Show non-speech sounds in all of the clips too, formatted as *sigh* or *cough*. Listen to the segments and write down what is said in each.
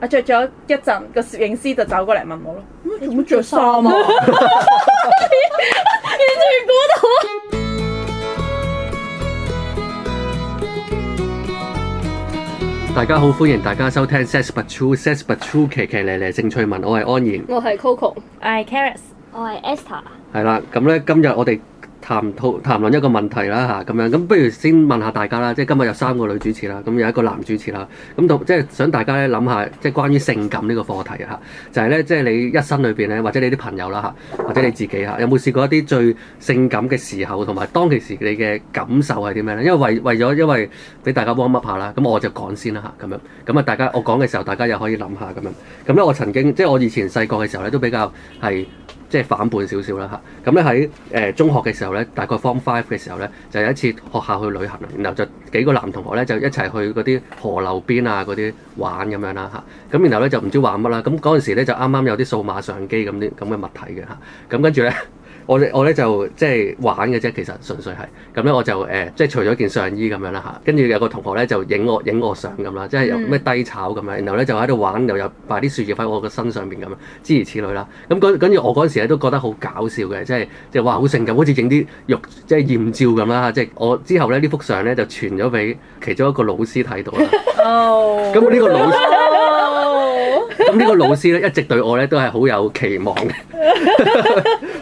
我着咗一陣，個攝影師就走過嚟問我咯。你做乜着衫啊？完全估到。大家好，歡迎大家收聽《Says But True》，Says But True，奇奇咧咧，鄭翠文，我係安然，我係 Coco，我係 Charis，我係 Esther。係啦，咁咧今日我哋。談討談論一個問題啦嚇，咁樣，咁不如先問下大家啦，即係今日有三個女主持啦，咁有一個男主持啦，咁就即係想大家咧諗下，即係關於性感呢個課題啊嚇，就係咧即係你一生裏邊咧，或者你啲朋友啦嚇，或者你自己嚇，有冇試過一啲最性感嘅時候，同埋當其時你嘅感受係啲咩咧？因為為為咗因為俾大家 warm up 下啦，咁我就講先啦嚇，咁樣咁啊，大家我講嘅時候，大家又可以諗下咁樣。咁咧我曾經即係我以前細個嘅時候咧，都比較係。即係反叛少少啦嚇，咁咧喺誒中學嘅時候咧，大概 form five 嘅時候咧，就有一次學校去旅行，然後就幾個男同學咧就一齊去嗰啲河流邊啊嗰啲玩咁樣啦嚇，咁然後咧就唔知玩乜啦，咁嗰陣時咧就啱啱有啲數碼相機咁啲咁嘅物體嘅嚇，咁跟住咧。我咧我咧就即係玩嘅啫，其實純粹係咁咧，我就誒即係除咗件上衣咁樣啦嚇，跟住有個同學咧就影我影我相咁啦，即係有咩低炒咁樣，然後咧就喺度玩，又又擺啲樹葉喺我個身上邊咁啊，諸如此類啦。咁跟住我嗰陣時咧都覺得好搞笑嘅，即係即係哇好性感，好似影啲肉即係豔照咁啦。即係我之後咧呢幅相咧就傳咗俾其中一個老師睇到啦。哦。咁呢個老師。咁呢 *laughs* 個老師咧，一直對我咧都係好有期望嘅，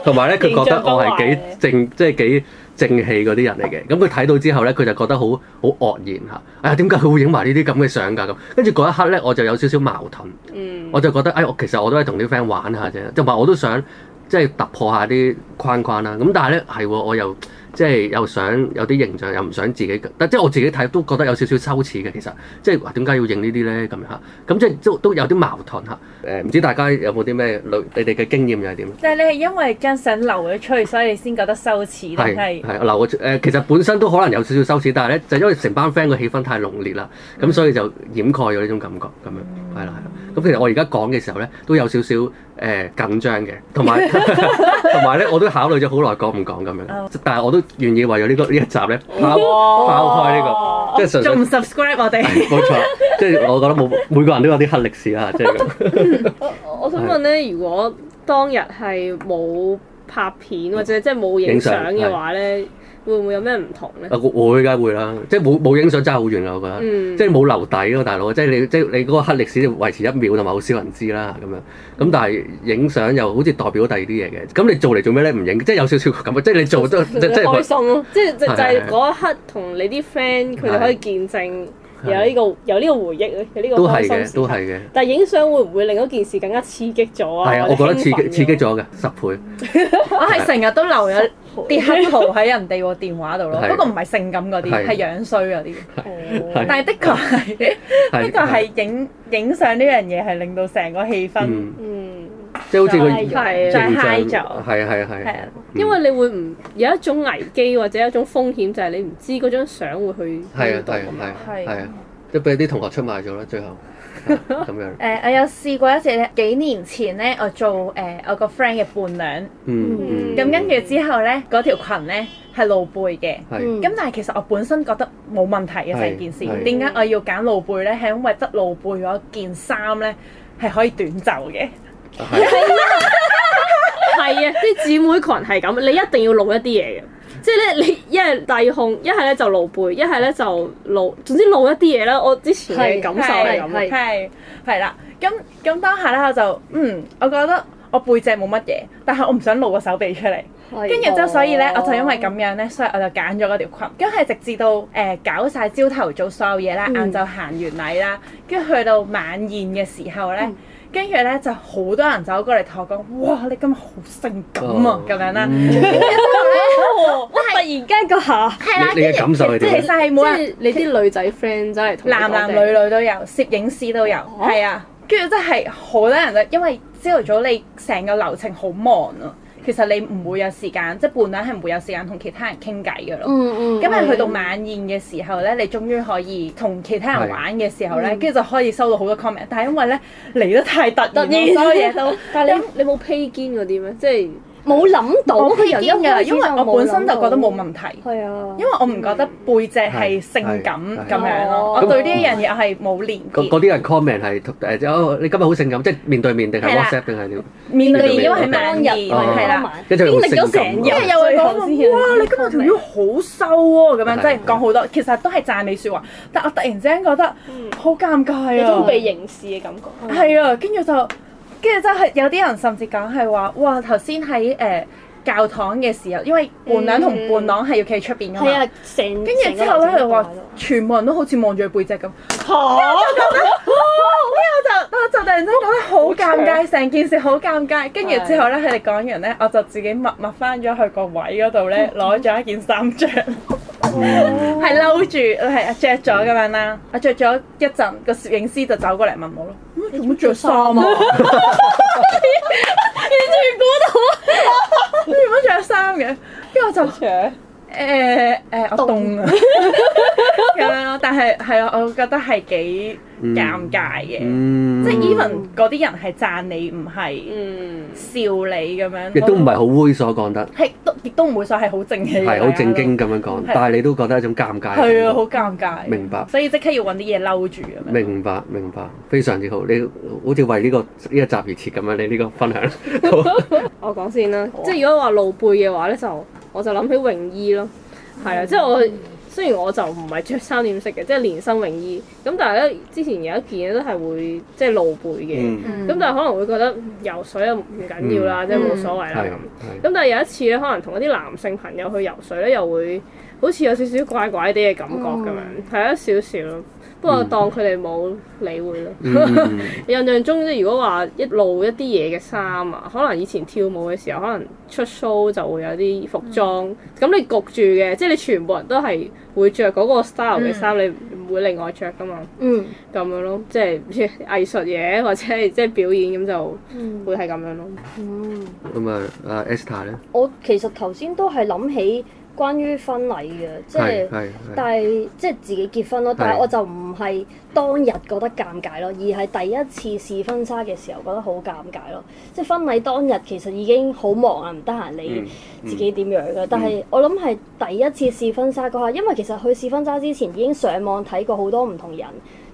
同埋咧佢覺得我係幾正， *laughs* 即係幾正氣嗰啲人嚟嘅。咁佢睇到之後咧，佢就覺得好好愕然嚇。哎呀，點解佢會影埋呢啲咁嘅相㗎？咁跟住嗰一刻咧，我就有少少矛盾。嗯，我就覺得，哎，我其實我都係同啲 friend 玩下啫，同埋我都想即係突破下啲框框啦。咁但係咧，係我又。即係又想有啲形象，又唔想自己，但即係我自己睇都覺得有少少羞恥嘅。其實即係話點解要認呢啲呢？咁樣吓，咁即係都有啲矛盾吓，誒唔知大家有冇啲咩你哋嘅經驗又係點？但係你係因為想留佢出嚟，所以先覺得羞恥定係？係留出、呃、其實本身都可能有少少羞恥，但係咧就因為成班 friend 嘅氣氛太濃烈啦，咁所以就掩蓋咗呢種感覺咁樣，係啦係咁其實我而家講嘅時候咧，都有少少誒、呃、緊張嘅，同埋同埋咧我都考慮咗好耐講唔講咁樣，但係我都。願意為咗呢、呢個呢、呢個、一集咧，拋拋開呢、呢個，哇即係仲唔 subscribe 我哋？冇、哎、錯， *laughs* 即係我覺得冇每個人都有啲黑歷史啊！即係咁， *laughs* 我想問咧，的如果當日係冇拍片或者即係冇影相嘅話咧，會唔會有咩唔同咧？啊，梗㗎會啦，即係冇冇影相真係好遠啊！我覺得，即係冇留底咯，大佬，即係你即係你嗰個黑歷史就維持一秒，同埋好少人知啦咁樣。咁但係影相又好似代表咗第二啲嘢嘅，咁你做嚟做咩咧？唔影即係有少少咁啊！即係你做都即係開心咯，即係即係嗰一刻同你啲 friend 佢哋可以見證。有呢個有呢個，回憶有呢個心，都係嘅，都係嘅。但係影相會唔會令到件事更加刺激咗啊？係啊的，我覺得刺激刺激咗嘅十倍。 *laughs* 我係成日都留有啲黑圖喺人哋個電話度咯， *laughs* 的不過唔係性感嗰啲，係的樣衰嗰啲。 *laughs* *laughs* 但係的確係 *laughs* 的確係影影相呢樣嘢係令到成個氣氛 *laughs* 嗯。即係好似佢再 high 咗，係啊係啊係。係啊，因為你會唔有一種危機或者有一種風險，就係你唔知嗰張相會去係啊係啊係啊係啊，即係俾啲同學出賣咗啦，最後咁樣。誒，我有試過一次，幾年前咧，我做誒我個 friend 嘅伴娘。咁跟住之後咧，嗰條裙咧係露背嘅。咁但係其實我本身覺得冇問題嘅成件事。係。點解我要揀露背咧？係因為得露背嗰件衫咧係可以短袖嘅。係啊，啲姊妹群係咁，你一定要露一啲嘢嘅， *laughs* 即係咧，你一係低胸，一係咧就露背，一係咧就露，總之露一啲嘢啦。我之前嘅感受係咁，係係啦。咁咁當下咧，我就嗯，我覺得我背脊冇乜嘢，但係我唔想露個手臂出嚟，跟住之後，所以咧，我就因為咁樣咧，所以我就揀咗嗰條裙。跟住直至到誒、呃、搞晒朝頭早所有嘢啦，晏晝、嗯、行完禮啦，跟住去到晚宴嘅時候咧。嗯嗯跟住咧，就好多人走過嚟同我講：哇！你今日好性感啊！咁樣啦，嗯、哇！是突然間個下，係啦你，你嘅感受點？即係其實係冇你啲女仔 friend 真係男男女女都有，攝影師都有，係啊！跟住真係好多人啊，因為朝頭早你成個流程好忙啊。其實你唔會有時間，即係半晚係唔會有時間同其他人傾偈嘅咯。嗯嗯。咁係去到晚宴嘅時候咧，的你終於可以同其他人玩嘅時候咧，跟住的就可以收到好多 comment。但係因為咧，嚟得太突然，所 *laughs* 有嘢都。但係你你冇披肩嗰啲咩？即係。冇諗到，我佢有啲因為我本身就覺得冇問題。係啊，因為我唔覺得背脊係性感咁樣咯。我對呢樣嘢係冇連結。嗰啲人 comment 係你今日好性感，即係面對面定係 WhatsApp 定係點？面對面因為係當日係啦，經歷咗成日。又會講哇，你今日條腰好瘦喎，咁樣即係講好多，其實都係讚美説話。但我突然之間覺得好尷尬啊，好被凝視嘅感覺。係啊，跟住就。跟住真係有啲人甚至講係話：“哇！頭先喺誒。呃”教堂嘅時候，因為伴娘同伴郎係要企出邊㗎嘛，跟住之後咧佢哋話全部人都好似望住佢背脊咁，跟住我覺得，跟住我就我就突然之間覺得好尷尬，成件事好尷尬。跟住之後咧佢哋講完咧，我就自己默默翻咗去個位嗰度咧，攞咗一件衫著，係摟住，係著咗咁樣啦。我著咗一陣，個攝影師就走過嚟問我咯，點解著衫啊？完全估到，你原本着衫嘅，跟住我就。 *laughs* 誒誒，我凍啊，咁樣咯。但係係啊，我覺得係幾尷尬嘅，即係 even 嗰啲人係讚你，唔係笑你咁樣，亦都唔係好猥瑣講得，係都亦都唔會所謂，係好正氣，係好正經咁樣講。但係你都覺得一種尷尬，係啊，好尷尬。明白。所以即刻要搵啲嘢嬲住咁樣。明白，明白，非常之好。你好似為呢個呢一集而設咁樣，你呢個分享，我講先啦。即係如果話露背嘅話咧，就。我就諗起泳衣咯，係啊、嗯，即係我雖然我就唔係着三點式嘅，即係連身泳衣，咁但係咧之前有一件都係會即係露背嘅，咁、嗯、但係可能會覺得游水又唔緊要啦，嗯、即係冇所謂啦。咁但係有一次咧，可能同一啲男性朋友去游水咧，又會好似有少少怪怪啲嘅感覺咁樣，係啊少少。不過當佢哋冇理會咯、mm。Hmm. *laughs* 印象中，即係如果話一路一啲嘢嘅衫啊，可能以前跳舞嘅時候，可能出 show 就會有啲服裝。咁、mm hmm. 你焗住嘅，即係你全部人都係會着嗰個 style 嘅衫，mm hmm. 你唔會另外着噶嘛。嗯、mm，咁、hmm. 樣咯，即係藝術嘢或者係即係表演咁就、mm hmm. 會係咁樣咯。嗯、mm。咁、hmm. 啊、well，阿 Esther 咧？我其實頭先都係諗起。關於婚禮嘅，即係，但係即係自己結婚咯。但係我就唔係當日覺得尷尬咯，而係第一次試婚紗嘅時候覺得好尷尬咯。即係婚禮當日其實已經好忙啊，唔得閒你自己點樣啊？嗯嗯、但係我諗係第一次試婚紗嗰下，因為其實去試婚紗之前已經上網睇過好多唔同人。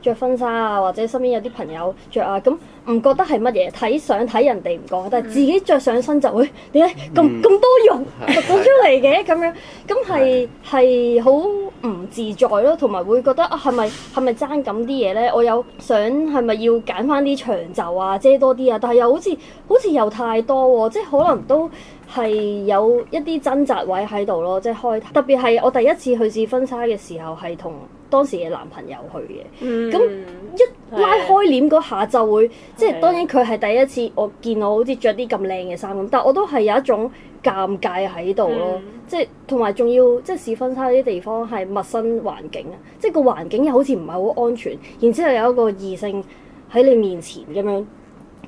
着婚紗啊，或者身邊有啲朋友着啊，咁唔覺得係乜嘢？睇相睇人哋唔覺，但係自己着上身就會點解咁咁多肉凸、嗯、出嚟嘅咁樣？咁係係好唔自在咯，同埋會覺得啊，係咪係咪爭咁啲嘢呢？我有想係咪要揀翻啲長袖啊，遮多啲啊？但係又好似好似又太多喎，即係可能都係有一啲掙扎位喺度咯，即係開，特別係我第一次去試婚紗嘅時候，係同。當時嘅男朋友去嘅，咁、嗯、一拉開簾嗰下就會，的即係當然佢係第一次，我見我好似着啲咁靚嘅衫咁，但係我都係有一種尷尬喺度咯，嗯、即係同埋仲要即係試婚紗啲地方係陌生環境啊，即係個環境又好似唔係好安全，然之後有一個異性喺你面前咁樣。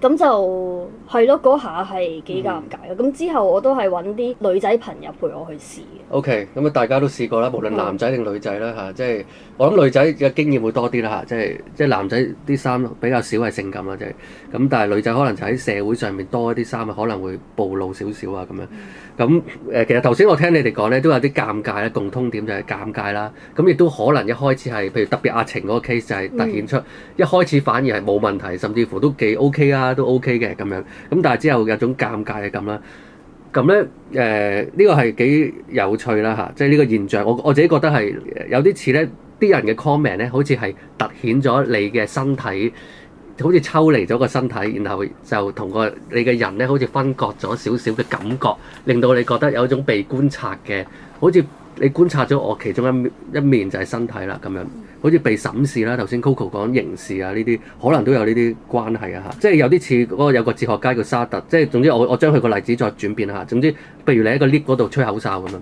咁就係咯，嗰下係幾尷尬咯。咁、嗯、之後我都係揾啲女仔朋友陪我去試。O K，咁啊，okay，大家都試過啦，無論男仔定女仔啦吓，即係我諗女仔嘅經驗會多啲啦吓，即係即係男仔啲衫比較少係性感啦，即係咁，但係女仔可能就喺社會上面多一啲衫啊，可能會暴露少少啊咁樣。嗯咁誒，其實頭先我聽你哋講咧，都有啲尷尬咧。共通點就係尷尬啦。咁亦都可能一開始係，譬如特別阿晴嗰個 case，就係凸顯出、嗯、一開始反而係冇問題，甚至乎都幾 OK 啊，都 OK 嘅咁樣。咁但係之後有種尷尬嘅咁啦。咁咧誒，呢、呃呢個係幾有趣啦嚇，即係呢個現象。我我自己覺得係有啲似咧，啲人嘅 comment 咧，好似係凸顯咗你嘅身體。好似抽離咗個身體，然後就同個你嘅人咧，好似分割咗少少嘅感覺，令到你覺得有一種被觀察嘅，好似你觀察咗我其中一一面就係身體啦咁樣，好似被審視啦。頭先 Coco 講凝視啊，呢啲可能都有呢啲關係啊嚇。即係有啲似嗰個有個哲學家叫沙特，即係總之我我將佢個例子再轉變下。總之，譬如你喺個 lift 嗰度吹口哨咁樣，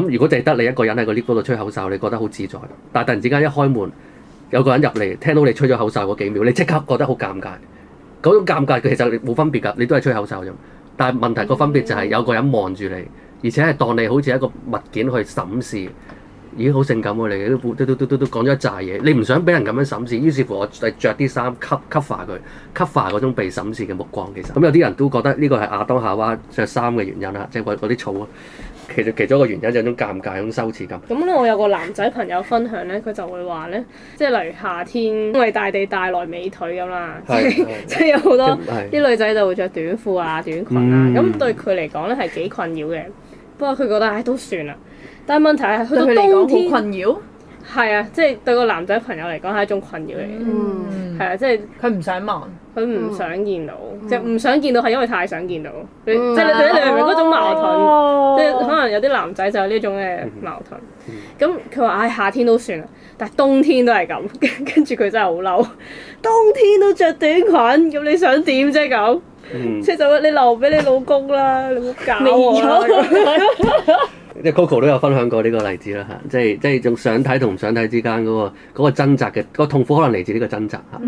咁如果淨係得你一個人喺個 lift 嗰度吹口哨，你覺得好自在，但係突然之間一開門。有個人入嚟，聽到你吹咗口哨嗰幾秒，你即刻覺得好尷尬。嗰種尷尬其實冇分別㗎，你都係吹口哨啫。但係問題個分別就係有個人望住你，而且係當你好似一個物件去審視，咦，好性感喎，啊，你都，都嘟嘟嘟嘟嘟講咗一紮嘢，你唔想俾人咁樣審視，於是乎我着啲衫 cover 佢，cover 嗰種被審視嘅目光。其實咁有啲人都覺得呢個係亞當夏娃着衫嘅原因啦，即係嗰啲草啊。其實其中一個原因就係有種尷尬，有種羞恥感。咁咧，我有個男仔朋友分享咧，佢就會話咧，即係例如夏天，因為大地帶來美腿咁啦，的即係有好多啲、嗯、女仔就會着短褲啊、短裙啊，咁、嗯、對佢嚟講咧係幾困擾嘅。不過佢覺得唉，都算啦。但係問題係，對佢嚟講好困擾。係啊，即係對個男仔朋友嚟講係一種困擾嚟嘅。係啊，即係佢唔想望，佢唔想見到，即係唔想見到係因為太想見到，即係你哋你係咪嗰種矛盾？即係可能有啲男仔就有呢種嘅矛盾。咁佢話：唉，夏天都算啦，但係冬天都係咁。跟住佢真係好嬲，冬天都着短裙，咁你想點啫咁？即係就乜？你留俾你老公啦，你唔搞我。即 Coco 都有分享過呢個例子啦嚇，即係即係仲想睇同唔想睇之間，嗰個嗰個掙扎嘅個痛苦可能嚟自呢個掙扎嚇。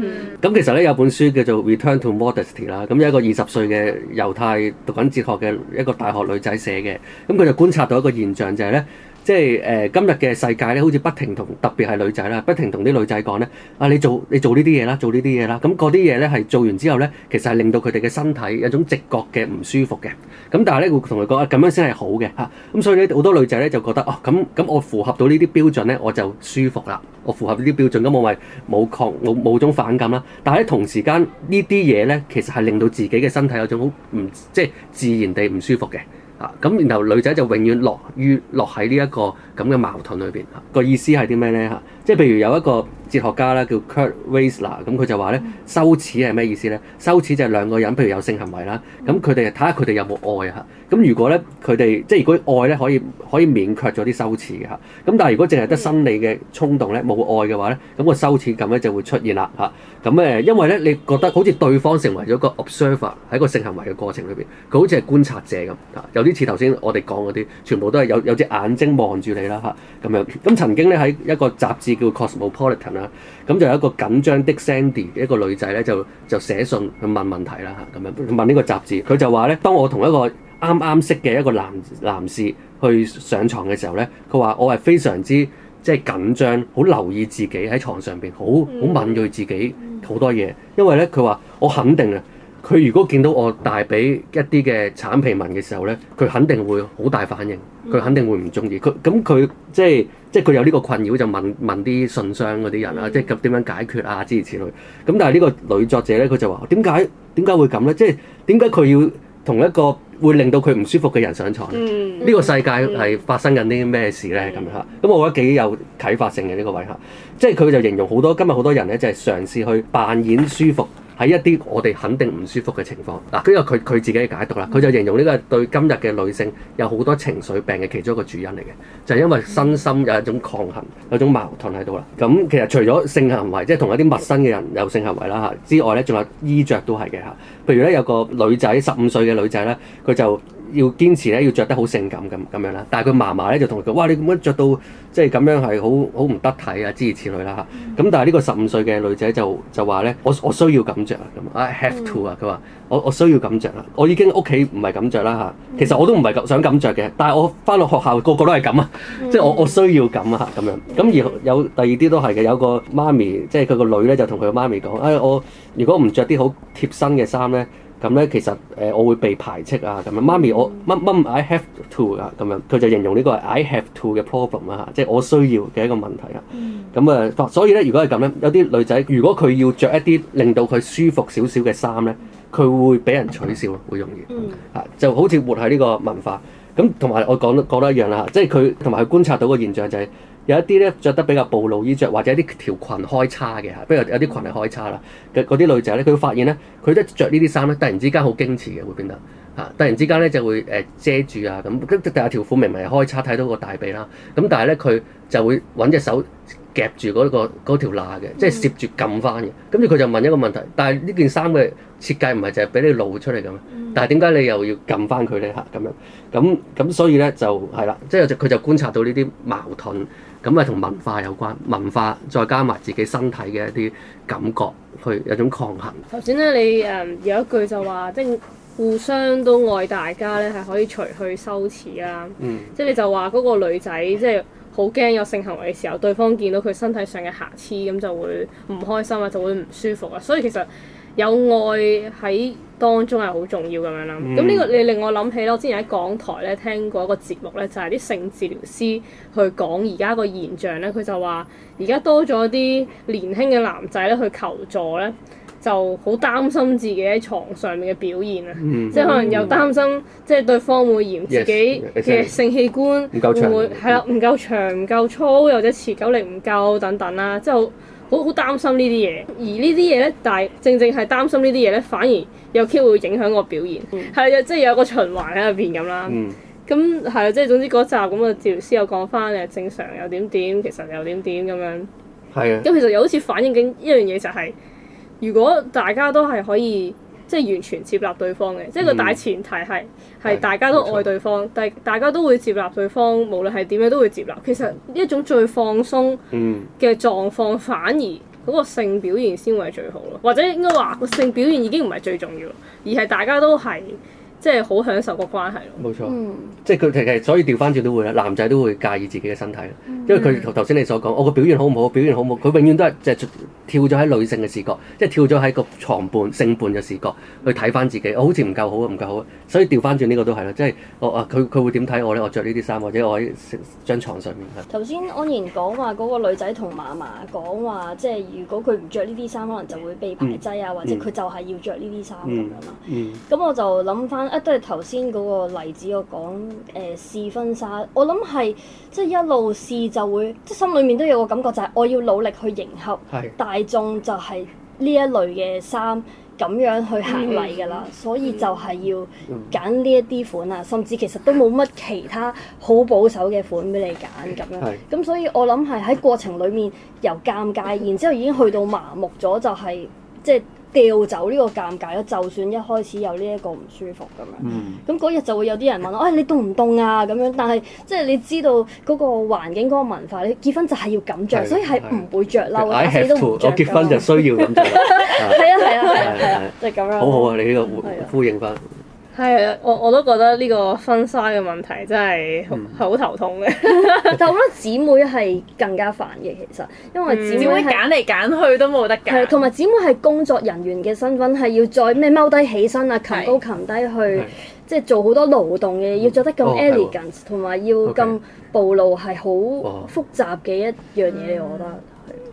咁、mm. 其實咧有本書叫做《Return to Modesty》啦，咁有一個二十歲嘅猶太讀緊哲學嘅一個大學女仔寫嘅，咁佢就觀察到一個現象就係咧。即係誒、呃、今日嘅世界咧，好似不停同特別係女仔啦，不停同啲女仔講咧，啊你做你做呢啲嘢啦，做呢啲嘢啦，咁嗰啲嘢咧係做完之後咧，其實係令到佢哋嘅身體有種直覺嘅唔舒服嘅。咁、嗯、但係咧，會同佢講啊，咁樣先係好嘅嚇。咁、啊、所以咧，好多女仔咧就覺得哦，咁、啊、咁我符合到呢啲標準咧，我就舒服啦。我符合呢啲標準咁，我咪冇抗冇冇種反感啦。但係喺同時間呢啲嘢咧，其實係令到自己嘅身體有種好唔即係自然地唔舒服嘅。啊，咁然後女仔就永遠落於落喺呢一個咁嘅矛盾裏邊。啊這個意思係啲咩咧？嚇，啊，即係譬如有一個。哲學家咧，叫 Kurt Weisler 咁佢就話咧，羞恥係咩意思咧？羞恥就係兩個人，譬如有性行為啦，咁佢哋睇下佢哋有冇愛啊嚇。咁如果咧佢哋即係如果愛咧，可以可以勉強咗啲羞恥嘅嚇。咁但係如果淨係得生理嘅衝動咧，冇愛嘅話咧，咁個羞恥感咧就會出現啦嚇。咁誒，因為咧你覺得好似對方成為咗個 observer 喺個性行為嘅過程裏邊，佢好似係觀察者咁嚇，有啲似頭先我哋講嗰啲，全部都係有有隻眼睛望住你啦嚇咁樣。咁曾經咧喺一個雜誌叫 Cosmopolitan。咁就有一個緊張的 Sandy，一個女仔咧就就寫信去問問題啦嚇，咁樣問呢個雜誌，佢就話咧，當我同一個啱啱識嘅一個男男士去上床嘅時候咧，佢話我係非常之即係、就是、緊張，好留意自己喺床上邊，好好、嗯、敏鋭自己好多嘢，因為咧佢話我肯定啊。佢如果見到我大髀一啲嘅橙皮紋嘅時候咧，佢肯定會好大反應，佢肯定會唔中意佢。咁佢即係即係佢有呢個困擾就問問啲信箱嗰啲人啊，嗯、即係點點樣解決啊之類。咁但係呢個女作者咧，佢就話點解點解會咁咧？即係點解佢要同一個會令到佢唔舒服嘅人上牀呢、嗯、呢個世界係發生緊啲咩事咧？咁嚇咁我覺得幾有啟發性嘅呢、呢個位嚇。即係佢就形容好多今日好多人咧，就係、是、嘗試去扮演舒服。喺一啲我哋肯定唔舒服嘅情況，嗱，跟住佢佢自己嘅解讀啦，佢就形容呢個對今日嘅女性有好多情緒病嘅其中一個主因嚟嘅，就係因為身心有一種抗衡、有一種矛盾喺度啦。咁其實除咗性行為，即係同一啲陌生嘅人有性行為啦嚇之外呢，仲有衣着都係嘅嚇。譬如呢，有個女仔十五歲嘅女仔呢，佢就要堅持咧，要着得好性感咁咁樣啦。但係佢嫲嫲咧就同佢講：哇！你點解着到即係咁樣係好好唔得體啊，諸如此類啦、啊、嚇。咁、嗯、但係呢個十五歲嘅女仔就就話咧：我我需要咁着啊。咁，I have to 啊！佢話，我我需要咁着啦。我已經屋企唔係咁着啦嚇。其實我都唔係想咁着嘅，但係我翻到學校個個都係咁啊。嗯、即係我我需要咁啊咁樣。咁而有第二啲都係嘅，有個媽咪即係佢個女咧就同佢媽咪講：唉、哎，我如果唔着啲好貼身嘅衫咧。咁咧，其實誒、呃、我會被排斥啊，咁樣媽咪我乜乜，I have to 啊，咁樣佢就形容呢個係 I have to 嘅 problem 啊，即係我需要嘅一個問題啊。咁啊、嗯，所以咧，如果係咁咧，有啲女仔如果佢要着一啲令到佢舒服少少嘅衫咧，佢會俾人取笑，會容易啊，就好似活喺呢個文化。咁同埋我講講得一樣啦、啊，即係佢同埋佢觀察到個現象就係、是。有一啲咧着得比較暴露衣着，或者啲條裙開叉嘅嚇，比如有啲裙係開叉啦，嗰啲、嗯、女仔咧，佢會發現咧，佢一着呢啲衫咧，突然之間好矜持嘅會變得嚇，突然之間咧就會誒遮住啊咁，跟住第二條褲明明開叉睇到個大髀啦，咁但係咧佢就會揾隻手夾住嗰個條罅嘅，即係攝住撳翻嘅，跟住佢就問一個問題，但係呢件衫嘅設計唔係就係俾你露出嚟嘅咩？嗯嗯，但係點解你又要撳翻佢咧嚇？咁樣咁咁，所以咧就係啦，即係佢就觀察到呢啲矛盾。咁啊，同文化有關，文化再加埋自己身體嘅一啲感覺，去有種抗衡。頭先咧，你誒有一句就話，即係互相都愛大家咧，係可以除去羞恥啦。嗯，即係你就話嗰個女仔，即係好驚有性行為嘅時候，對方見到佢身體上嘅瑕疵，咁就會唔開心啊，就會唔舒服啊，所以其實，有愛喺當中係好重要咁樣啦，咁呢、嗯、個你令我諗起咯，我之前喺港台咧聽過一個節目咧，就係、是、啲性治療師去講而家個現象咧，佢就話而家多咗啲年輕嘅男仔咧去求助咧，就好擔心自己喺床上面嘅表現啊，嗯、即係可能又擔心即係、嗯、對方會嫌自己嘅性器官會唔會、嗯嗯嗯、唔夠長，係啦，唔夠長唔夠粗，或者持久力唔夠等等啦、啊，即係。好好擔心呢啲嘢，而呢啲嘢咧，但係正正係擔心呢啲嘢咧，反而有機會影響我表現，係啊、嗯，即係有個循環喺入邊咁啦。咁係啊，即係總之嗰集咁啊，治療師又講翻你正常，又點點，其實又點點咁樣。係啊。咁的其實又好似反映緊一樣嘢就係、是，如果大家都係可以。即係完全接納對方嘅，即係個大前提係係、嗯、大家都愛對方，但係大家都會接納對方，無論係點樣都會接納。其實一種最放鬆嘅狀況，嗯、反而嗰個性表現先會係最好咯。或者應該話個性表現已經唔係最重要，而係大家都係。即係好享受個關係咯，冇錯，嗯、即係佢其實所以調翻轉都會啦，男仔都會介意自己嘅身體，因為佢頭先你所講，我個表現好唔好，表現好唔好，佢永遠都係即係跳咗喺女性嘅視角，即係跳咗喺個床伴性伴嘅視角去睇翻自己，我好似唔夠好啊，唔夠好，所以調翻轉呢個都係啦，即係佢佢會點睇我咧？我着呢啲衫，或者我喺張床上面啊。頭先安然講話嗰個女仔同嫲嫲講話，即係如果佢唔着呢啲衫，可能就會被排擠啊，或者佢就係要着呢啲衫咁樣啦。咁、嗯嗯嗯嗯嗯、我就諗翻。都係頭先嗰個例子我講誒、呃、試婚紗，我諗係即係一路試就會即係心裡面都有個感覺，就係、是、我要努力去迎合大眾，就係呢一類嘅衫咁樣去行禮㗎啦。所以就係要揀呢一啲款啊，甚至其實都冇乜其他好保守嘅款俾你揀咁樣。咁是所以我諗係喺過程裡面由尷尬，然之後已經去到麻木咗，就係、是、即係。掉走呢個尷尬咯，就算一開始有呢一個唔舒服咁樣，咁嗰日就會有啲人問我：哎，你凍唔凍啊？咁樣，但係即係你知道嗰個環境、嗰個文化，你結婚就係要咁着，所以係唔會着褸嘅，都我結婚就需要咁着，係啊係啊係啊，就咁樣。好好啊，你呢個呼呼應翻。係啊，我我都覺得呢個婚紗嘅問題真係好、嗯、頭痛嘅。 *laughs* 但我覺得姊妹係更加煩嘅，其實因為姊妹揀嚟揀去都冇得揀。同埋姊妹係工作人員嘅身份係要再咩踎低起身啊，擒高擒低去，即係的做好多勞動嘅，嗯、要做得咁 elegant，同埋要咁暴露係好、哦、複雜嘅一樣嘢，我覺得。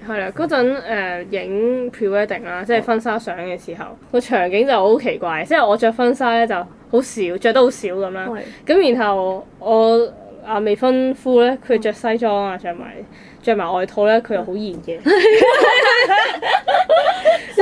係啦，嗰陣呃影 pre-wedding 啦，即係婚紗相嘅時候，個、呃哦、場景就好奇怪。即係我着婚紗咧就好少，着得好少咁啦。咁、哦、然後我啊未婚夫咧，佢着西裝啊，着埋著埋外套咧，佢又好嚴嘅，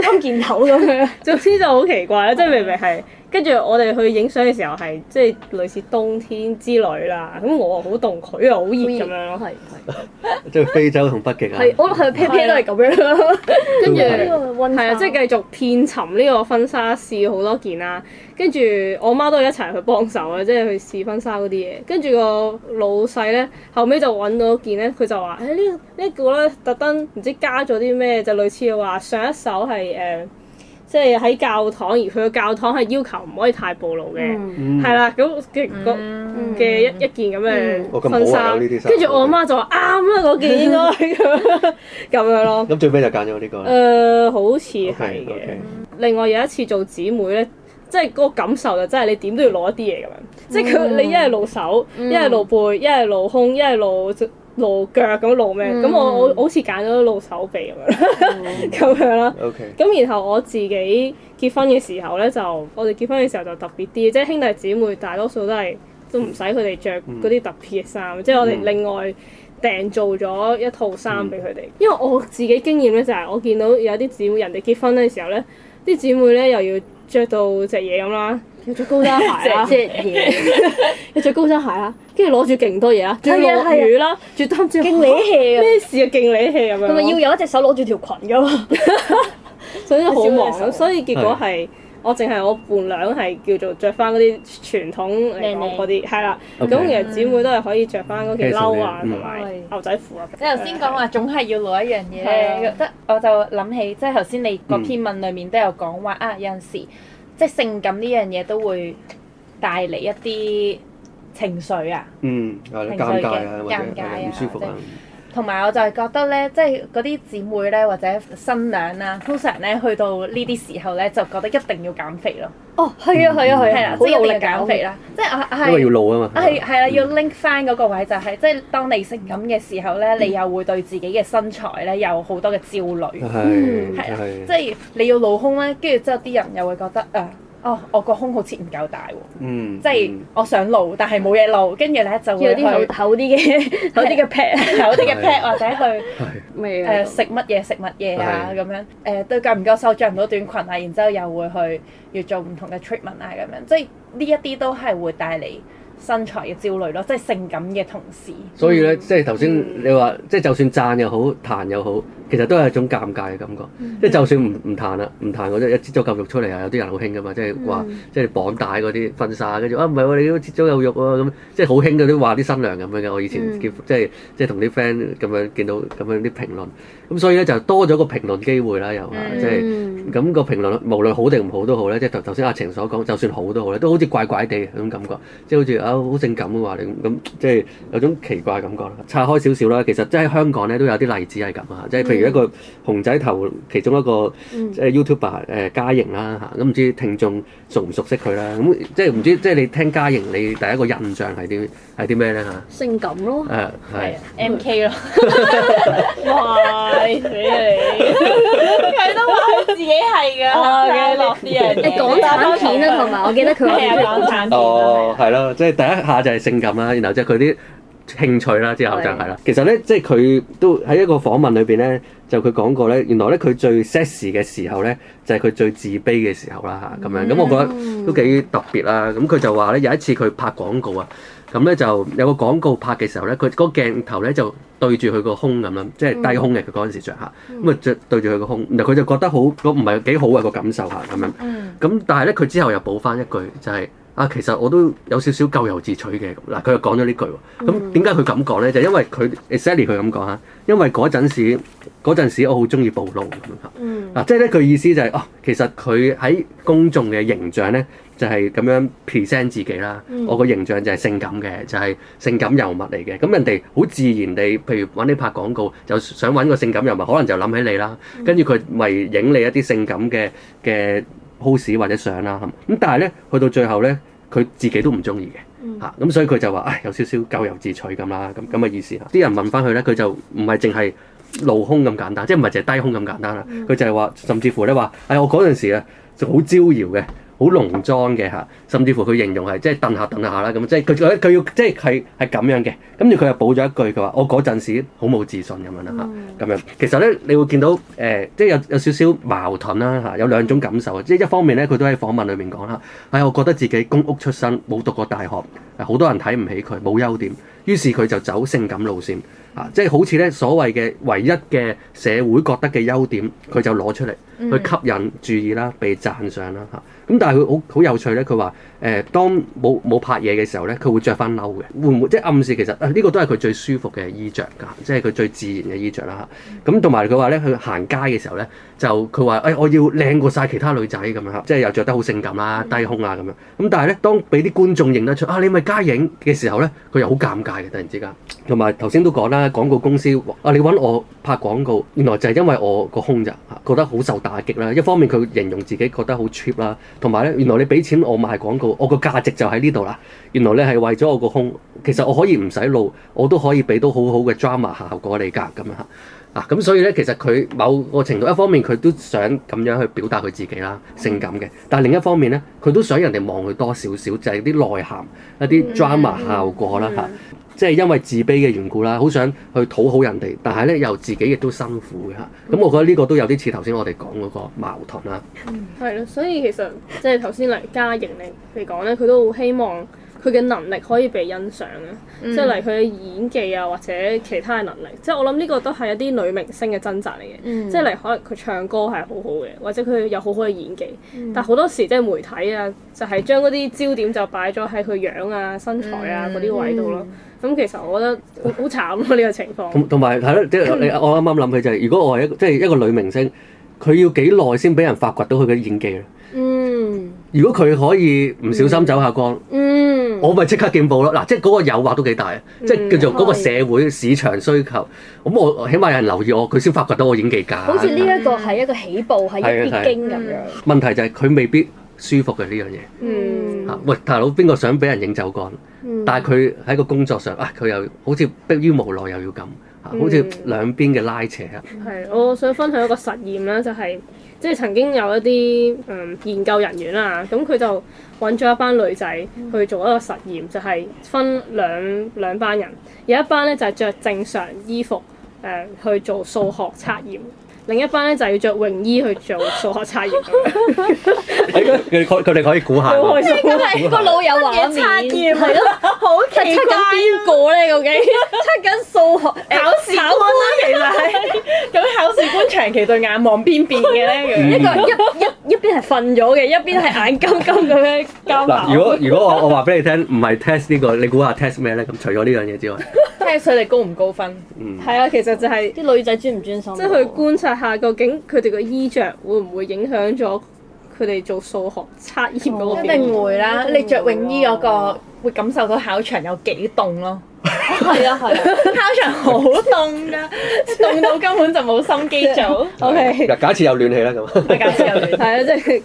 三件套咁樣。總之 *laughs* 就好奇怪啦，嗯、即係明明係。跟住我哋去影相嘅時候係即係類似冬天之旅啦，咁我又好凍，佢又好熱咁樣咯，係對。係。即係 *laughs* 非洲同北極啊。係 *laughs* ，我係 pair pair 都係咁樣咯。跟住對，係啊，即係繼續遍尋呢個婚紗試好多件啦。跟住我媽都係一齊去幫手啊，即、就、係、是、去試婚紗嗰啲嘢。跟住個老細咧，後尾就揾到一件咧，佢就話：，誒、哎這個這個、呢呢個咧，特登唔知加咗啲咩，就類似話上一手係誒。呃即係喺教堂，而佢個教堂係要求唔可以太暴露嘅，係啦。咁嘅嘅一一件咁嘅，婚紗，跟住我媽就話啱啦，嗰件應該咁樣咯。咁最尾就揀咗呢個。誒，好似係嘅。另外有一次做姊妹咧，即係嗰個感受就真係你點都要攞一啲嘢咁樣，即係佢你一係露手，一係露背，一係露胸，一係露。露腳咁露咩？咁、嗯、我我好似揀咗露手臂咁樣，咁、嗯、 *laughs* 咁樣啦吧。咁 Okay. 然後我自己結婚嘅時候咧，就我哋結婚嘅時候就特別啲，即係兄弟姊妹大多數都係都唔使佢哋着嗰啲特別嘅衫，嗯、即係我哋另外訂做咗一套衫俾佢哋。嗯、因為我自己經驗咧，就係、是、我見到有啲姊妹人哋結婚嘅時候咧，啲姊妹咧又要着到隻嘢咁啦。要着高踭鞋啊，即嘢。要着高踭鞋啊，跟住攞住勁多嘢啦，仲有雨啦，仲擔住咩事啊？勁理氣啊！咁咪要有一隻手攞住條裙㗎嘛，所以好忙。所以結果係我淨係我伴娘係叫做着翻嗰啲傳統嚟講嗰啲，係啦。咁其實姊妹都係可以着翻嗰件褸啊，同埋牛仔褲啊。你頭先講話總係要攞一樣嘢，得我就諗起，即係頭先你嗰篇文裡面都有講話啊，有陣時。即係性感呢樣嘢都會帶嚟一啲情緒啊，嗯，情緒嘅尷尬啊，或者唔舒服啊。同埋我就係覺得咧，即係嗰啲姊妹咧或者新娘啦，通常咧去到呢啲時候咧，就覺得一定要減肥咯。哦，係啊，係啊、嗯，係啦的，好努力減肥啦，就是，即係啊啊因為要露啊嘛。係係啊，要 link 翻嗰個位就係，即係當你性感嘅時候咧，你又會對自己嘅身材咧有好多嘅焦慮。係係。即係、就是、你要露胸咧，跟住之後啲人又會覺得啊。呃哦，我個胸好似唔夠大喎，即係我想露，但係冇嘢露，跟住咧就會去好啲嘅好啲嘅 pad 好啲嘅 pad 或者去誒食乜嘢食乜嘢啊咁樣，誒對腳唔夠瘦着唔到短裙啊，然之後又會去要做唔同嘅 treatment 啊咁樣，即係呢一啲都係會帶嚟身材嘅焦慮咯，即係性感嘅同時。所以咧，即係頭先你話，即係就算讚又好，彈又好。其實都係一種尷尬嘅感覺，即係、嗯、就算唔唔彈啦，唔彈嗰啲一切咗舊肉出嚟啊，有啲人好興㗎嘛，即係話、嗯、即係綁帶嗰啲婚紗跟住啊，唔係喎，你都切咗有肉喎、啊，咁即係好興嗰啲話啲新娘咁樣嘅。我以前、嗯、即係即係同啲 friend 咁樣見到咁樣啲評論，咁所以咧就多咗個評論機會啦，又、嗯、即係咁、嗰個評論無論好定唔好都好咧，即係頭頭先阿晴所講，就算好都好咧，都好似怪怪地嗰種感覺，即、就、係、係、好似啊好性感嘅話，你咁即係有種奇怪嘅感覺。拆開少少啦，其實即係香港咧都有啲例子係咁嚇，即係譬如。一個熊仔頭，其中一個即係 YouTuber 誒嘉盈啦嚇，咁唔知聽眾熟唔熟悉佢啦？咁即係唔知，即係你聽嘉盈，你第一個印象係啲係啲咩咧嚇？性感咯，誒係 MK 咯，哇死你，你，佢 *laughs* 都話自己係噶， *laughs* 我，我記得啲嘢。你港產片啊，同埋我記得佢係啊港產片。哦，係咯，即係第一下就係性感啦，然後即係佢啲。興趣啦，之後就係啦。其實咧，即係佢都喺一個訪問裏邊咧，就佢講過咧，原來咧佢最 sexy 嘅時候咧，就係佢最自卑嘅時候啦嚇。咁樣，咁我覺得都幾特別啦。咁佢就話咧，有一次佢拍廣告啊，咁咧就有個廣告拍嘅時候咧，佢嗰鏡頭咧就對住佢個胸咁樣，即係低胸嘅。佢嗰陣時著下，咁啊著對住佢個胸，然後佢就覺得好，唔係幾好啊個感受嚇咁樣。咁但係咧，佢之後又補翻一句就係。啊，其實我都有少少咎由自取嘅。嗱、啊，佢又講咗呢句喎。咁點解佢咁講咧？就因為佢 Elsie 佢咁講啊，因為嗰陣時嗰陣時我好中意暴露咁啊。即係咧，佢、啊就是、意思就係、是、哦、啊，其實佢喺公眾嘅形象咧，就係、是、咁樣 present 自己啦。我個形象就係性感嘅，就係、是、性感尤物嚟嘅。咁、啊嗯嗯、人哋好自然地，譬如揾你拍廣告，就想揾個性感尤物，可能就諗起你啦。跟住佢咪影你一啲性感嘅嘅 pose 或者相啦，啊，咁但係咧去到最後咧，佢自己都唔中意嘅。嚇咁、嗯啊、所以佢就話：唉，有少少咎由自取咁啦，咁咁嘅意思啦。啲、嗯、人問翻佢咧，佢就唔係淨係露胸咁簡單，即係唔係淨係低胸咁簡單啦，佢就係話，甚至乎呢話，唉，我嗰陣時啊，就好招搖嘅。好濃妝嘅嚇，甚至乎佢形容係即係瞪下瞪下啦咁，即係佢佢要即係係係咁樣嘅。跟住佢又補咗一句，佢話：我嗰陣時好冇自信咁樣啦嚇，咁樣其實咧你會見到誒、呃，即係有有少少矛盾啦嚇，有兩種感受。即係一方面咧，佢都喺訪問裏面講啦，哎，我覺得自己公屋出身，冇讀過大學，好多人睇唔起佢，冇優點，於是佢就走性感路線啊，即係好似咧所謂嘅唯一嘅社會覺得嘅優點，佢就攞出嚟去吸引注意啦，被讚賞啦嚇。咁但係佢好好有趣咧，佢話。誒，當冇冇拍嘢嘅時候咧，佢會着翻褸嘅，會唔會即係暗示其實啊呢個都係佢最舒服嘅衣着㗎，即係佢最自然嘅衣着啦。咁同埋佢話咧，佢行街嘅時候咧，就佢話誒，我要靚過晒其他女仔咁樣，即係又着得好性感啦、啊、低胸啊咁樣。咁但係咧，當俾啲觀眾認得出啊，你咪街影嘅時候咧，佢又好尷尬嘅，突然之間。同埋頭先都講啦，廣告公司啊，你揾我拍廣告，原來就係因為我個胸咋嚇，覺得好受打擊啦。一方面佢形容自己覺得好 cheap 啦，同埋咧原來你俾錢我賣廣告。我個價值就喺呢度啦，原來咧係為咗我個胸，其實我可以唔使露，我都可以俾到好好嘅 drama 效果你噶咁樣嚇，啊咁所以咧，其實佢某個程度一方面佢都想咁樣去表達佢自己啦，性感嘅，但另一方面咧，佢都想人哋望佢多少少，就係啲內涵一啲 drama 效果啦嚇。 *laughs* *laughs* 即係因為自卑嘅緣故啦，好想去討好人哋，但係咧又自己亦都辛苦嘅嚇。咁、嗯、我覺得呢個都有啲似頭先我哋講嗰個矛盾啦、啊。係咯、嗯， *noise* 所以其實即係頭先黎嘉盈嚟嚟講咧，佢、就是、都好希望，佢嘅能力可以被欣賞啊，嗯、即係嚟佢嘅演技啊，或者其他嘅能力。即係我諗呢個都係一啲女明星嘅掙扎嚟嘅。嗯、即係嚟可能佢唱歌係好好嘅，或者佢有好好嘅演技。嗯、但好多時即係媒體啊，就係將嗰啲焦點就擺咗喺佢樣啊、身材啊嗰啲、嗯、位度咯。咁、嗯、其實我覺得好慘咯、啊、呢、呢個情況。同埋係咯，即係、就係、我啱啱諗起就係、係，如果我係一即係、就係、一個女明星，佢要幾耐先俾人發掘到佢嘅演技咧？嗯。如果佢可以唔小心走下光，我咪即刻見報咯！嗱，即係嗰個誘惑都幾大，即係叫做嗰個社會市場需求，咁我起碼有人留意我，佢先發掘到我演技假。好似呢一個係一個起步，係一必經咁樣。問題就係佢未必舒服嘅呢樣嘢。嗯。喂，大佬，邊個想俾人影走光？但係佢喺個工作上啊，佢又好似迫於無奈又要咁，好似兩邊嘅拉扯。係，我想分享一個實驗啦，就係。即係曾經有一啲嗯研究人員啦、啊，咁佢就揾咗一班女仔去做一個實驗，就係、是、分兩兩班人，有一班咧就係、是、着正常衣服誒、呃、去做數學測驗。另一班咧就係、係、要着泳衣去做數學測驗。佢佢哋可以估下。好開心！個老友話，測驗係咯，對好奇怪啊！出緊邊個咧？究竟出緊數學、欸、考試官嚟？其實係咁考試官長期對眼望邊邊嘅咧？ *laughs* 嗯、一個一一一邊係瞓咗嘅，一邊係眼金金咁樣交白嗱， *laughs* 如果如果我我話俾你聽，唔係 test 呢、呢個，你估下 test 咩咧？咁除咗呢樣嘢之外。睇下佢哋高唔高分，係啊，其實就係啲女仔專唔專心，即係去觀察下究竟佢哋個衣着會唔會影響咗佢哋做數學測驗嗰個。一定會啦，你着泳衣嗰個會感受到考場有幾凍咯。係啊係啊，考場好凍㗎，凍到根本就冇心機做。OK，嗱假設有暖氣啦，咁，假設有暖氣，係啊，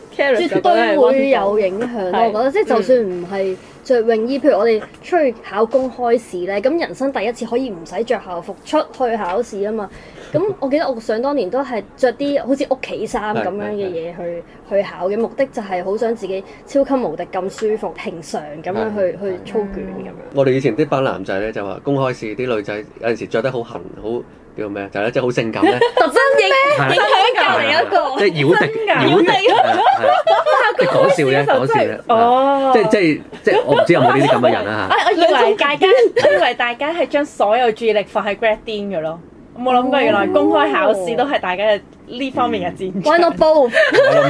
即係絕對會有影響咯。我覺得即係就算唔係。着泳衣，譬如我哋出去考公開試咧，咁人生第一次可以唔使着校服出去考試啊嘛。咁我記得我上當年都係着啲好似屋企衫咁樣嘅嘢去 *laughs* 去，去考嘅，目的就係好想自己超級無敵咁舒服、平常咁樣去 *laughs* 去，去操卷咁樣。 *laughs* 我哋以前啲班男仔咧就話公開試啲女仔有陣時着得好痕好叫咩？就咧，即係好性感咧，特徵咧，影響力一個，即係搖地，搖地，講笑啫，講笑啫，哦，即係即係即係，我唔知有冇呢啲咁嘅人啊嚇。我以為大家，我以為大家係將所有注意力放喺 gradian 嘅咯，我冇諗過，原來公開考試都係大家嘅。呢方面嘅戰，玩到煲，玩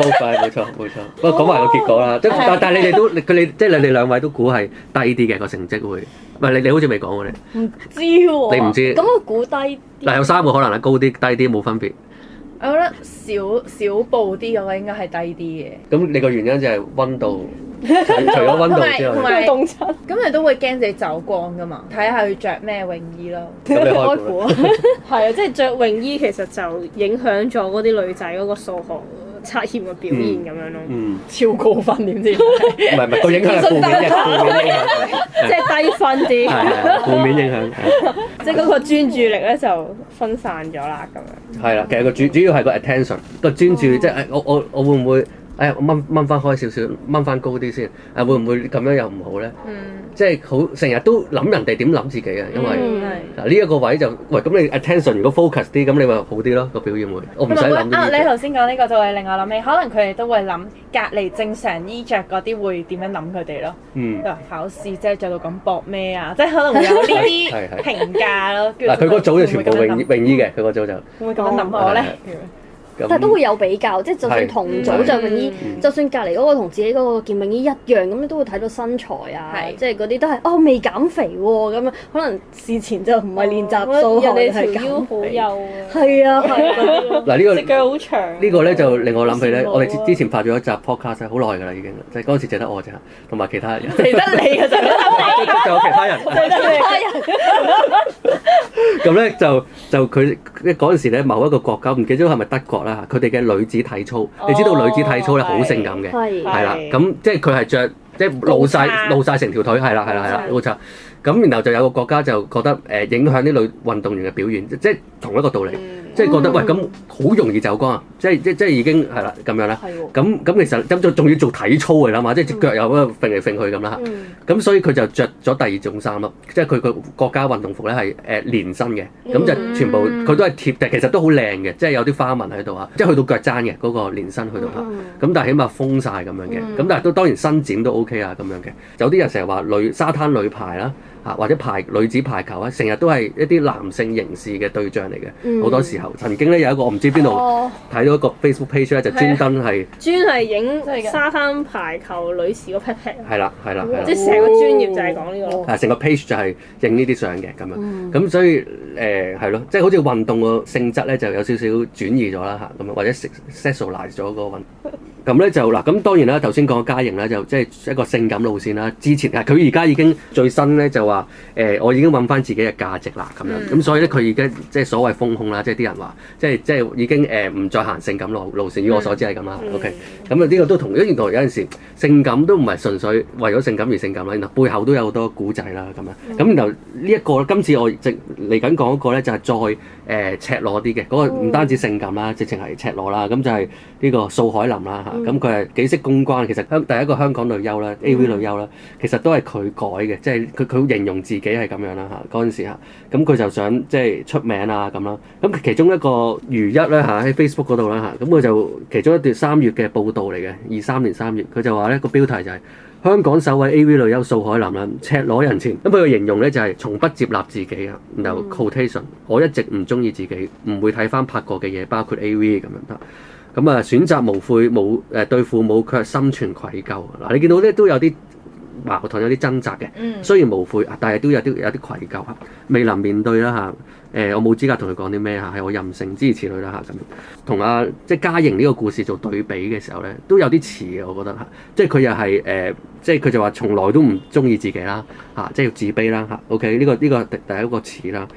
冇 not *laughs* *laughs* 錯，冇錯，不過講埋個結果啦，即但但係你哋都佢哋即係你哋兩位都估係低啲嘅個成績會，啊，唔係你，你好似未講過你，唔知喎，你唔知，咁我估低嗱有三個可能啦，高啲低啲冇分別。我覺得少少報啲嘅話應該係低啲嘅。咁你個原因就係溫度，除咗溫度同埋凍親。咁有你都會驚自己走光噶嘛？睇下佢着咩泳衣咯，開褲。係啊， *laughs* 即係着泳衣其實就影響咗嗰啲女仔嗰個數學。測驗嘅表現咁樣咯，嗯、超高分點知？唔係唔係，都、嗰個、影響係負面嘅、就係。負面影響，即係低分啲，負面影響，即係嗰個專注力咧就分散咗啦，咁樣。係啦、 *laughs* 啊，其實個主主要係個 attention， *laughs* 個專注力。即、就、係、係、我我我，我會唔會？誒，我掹掹翻開少少，掹翻高啲先。誒，會唔會咁樣又唔好咧？嗯。即係好成日都諗人哋點諗自己嘅，因為嗱呢一個位就喂，咁你 attention 如果 focus 啲，咁你咪好啲咯個表現會。我唔使諗呢啲嘢。啊，你頭先講呢個就係令我諗起，可能佢哋都會諗隔離正常衣著嗰啲會點樣諗佢哋咯。嗯。就考試即係著到咁搏咩啊？即係可能會有呢啲評價咯。嗱，佢個組就全部泳泳衣嘅，佢個組就會咁諗我咧。但係都會有比較，即係就算同組著泳衣，就算隔離嗰個同自己嗰個件泳衣一樣，咁都會睇到身材啊，即係嗰啲都係哦未減肥喎咁樣，可能事前就唔係練習到，人哋條腰好幼啊，係啊，嗱呢個隻腳好長，呢個咧就令我諗起咧，我哋之前發咗一集 podcast 好耐㗎啦已經，即係嗰陣時淨得我啫，同埋其他人，淨得你㗎啫，仲有其他人，淨得你，咁咧就就佢嗰陣時咧某一個國家唔記得咗係咪德國。佢哋嘅女子體操，哦，你知道女子體操咧好性感嘅，係啦，咁即係佢係着，即係露晒露曬成條腿，係啦，係啦，係啦，冇錯。咁然後就有個國家就覺得誒影響啲女運動員嘅表現，即係同一個道理。嗯即係覺得喂咁好容易走光啊！即係即即係已經係啦咁樣啦。咁咁的其實咁仲仲要做體操嘅啦嘛，嗯、即係隻腳又嗰個揈嚟揈去咁啦。咁、嗯、所以佢就着咗第二種衫咯，即係佢個國家運動服咧係誒連身嘅，咁、嗯、就全部佢都係貼，但係其實都好靚嘅，即係有啲花紋喺度啊，即係去到腳踭嘅嗰個連身去到咁、嗯、但係起碼封晒咁樣嘅，咁、嗯、但係都當然伸展都 OK 啊咁樣嘅。有啲人成日話女沙灘女排啦。或者排女子排球咧，成日都係一啲男性凝視嘅對象嚟嘅，好、嗯、多時候曾經咧有一個我唔知邊度睇到一個 Facebook page 咧，就專登係、哦啊、專係影沙灘排球女士個 pat pat，係啦係啦，即係成個專業就係講呢個，啊成、啊啊哦、個 page 就係影呢啲相嘅咁樣，咁、嗯、所以誒係咯，即、呃、係、啊就是、好似運動個性質咧就有少少轉移咗啦嚇咁樣，或者 sexualize 咗個運動。咁咧就嗱，咁當然啦，頭先講嘅嘉盈咧就即、是、係一個性感路線啦。之前啊，佢而家已經最新咧就話誒、欸，我已經揾翻自己嘅價值啦咁樣。咁、mm hmm. 所以咧佢已經即係所謂封控啦，即係啲人話，即係即係已經誒唔再行性感路路線。以我所知係咁啦。Mm hmm. OK，咁啊呢個都同，因為原來有陣時性感都唔係純粹為咗性感而性感啦。嗱，背後都有好多古仔啦咁樣。咁、mm hmm. 然後呢、這、一個今次我直嚟緊講一個咧就係再。誒、呃、赤裸啲嘅，嗰、那個唔單止性感啦，直情係赤裸啦，咁就係呢個素海霖啦嚇，咁佢係幾識公關，其實香第一個香港女優啦，AV 女優啦，嗯、其實都係佢改嘅，即係佢佢形容自己係咁樣啦嚇，嗰、啊、陣時嚇，咁、啊、佢就想即係出名啊咁啦，咁、啊、其中一個如一咧嚇喺 Facebook 嗰度啦嚇，咁、啊、佢、啊啊、就其中一段三月嘅報導嚟嘅，二三年三月，佢就話咧、那個標題就係、是。香港首位 AV 女優素海霖啦，赤裸人前咁佢嘅形容咧就係從不接納自己啊。然後 quotation、嗯、我一直唔中意自己，唔會睇翻拍過嘅嘢，包括 AV 咁樣得。咁啊，選擇無悔冇誒、呃，對父母卻心存愧疚嗱。你見到咧都有啲矛盾，有啲掙扎嘅。嗯，雖然無悔啊，但係都有啲有啲愧疚，未能面對啦嚇。誒，我冇資格同佢講啲咩嚇，係我任性支持佢啦嚇咁。同阿即係嘉盈呢個故事做對比嘅時候咧，都有啲似嘅，我覺得嚇，即係佢又係誒，即係佢就話從來都唔中意自己啦嚇，即係自卑啦嚇。OK，呢個呢個第第一個似啦。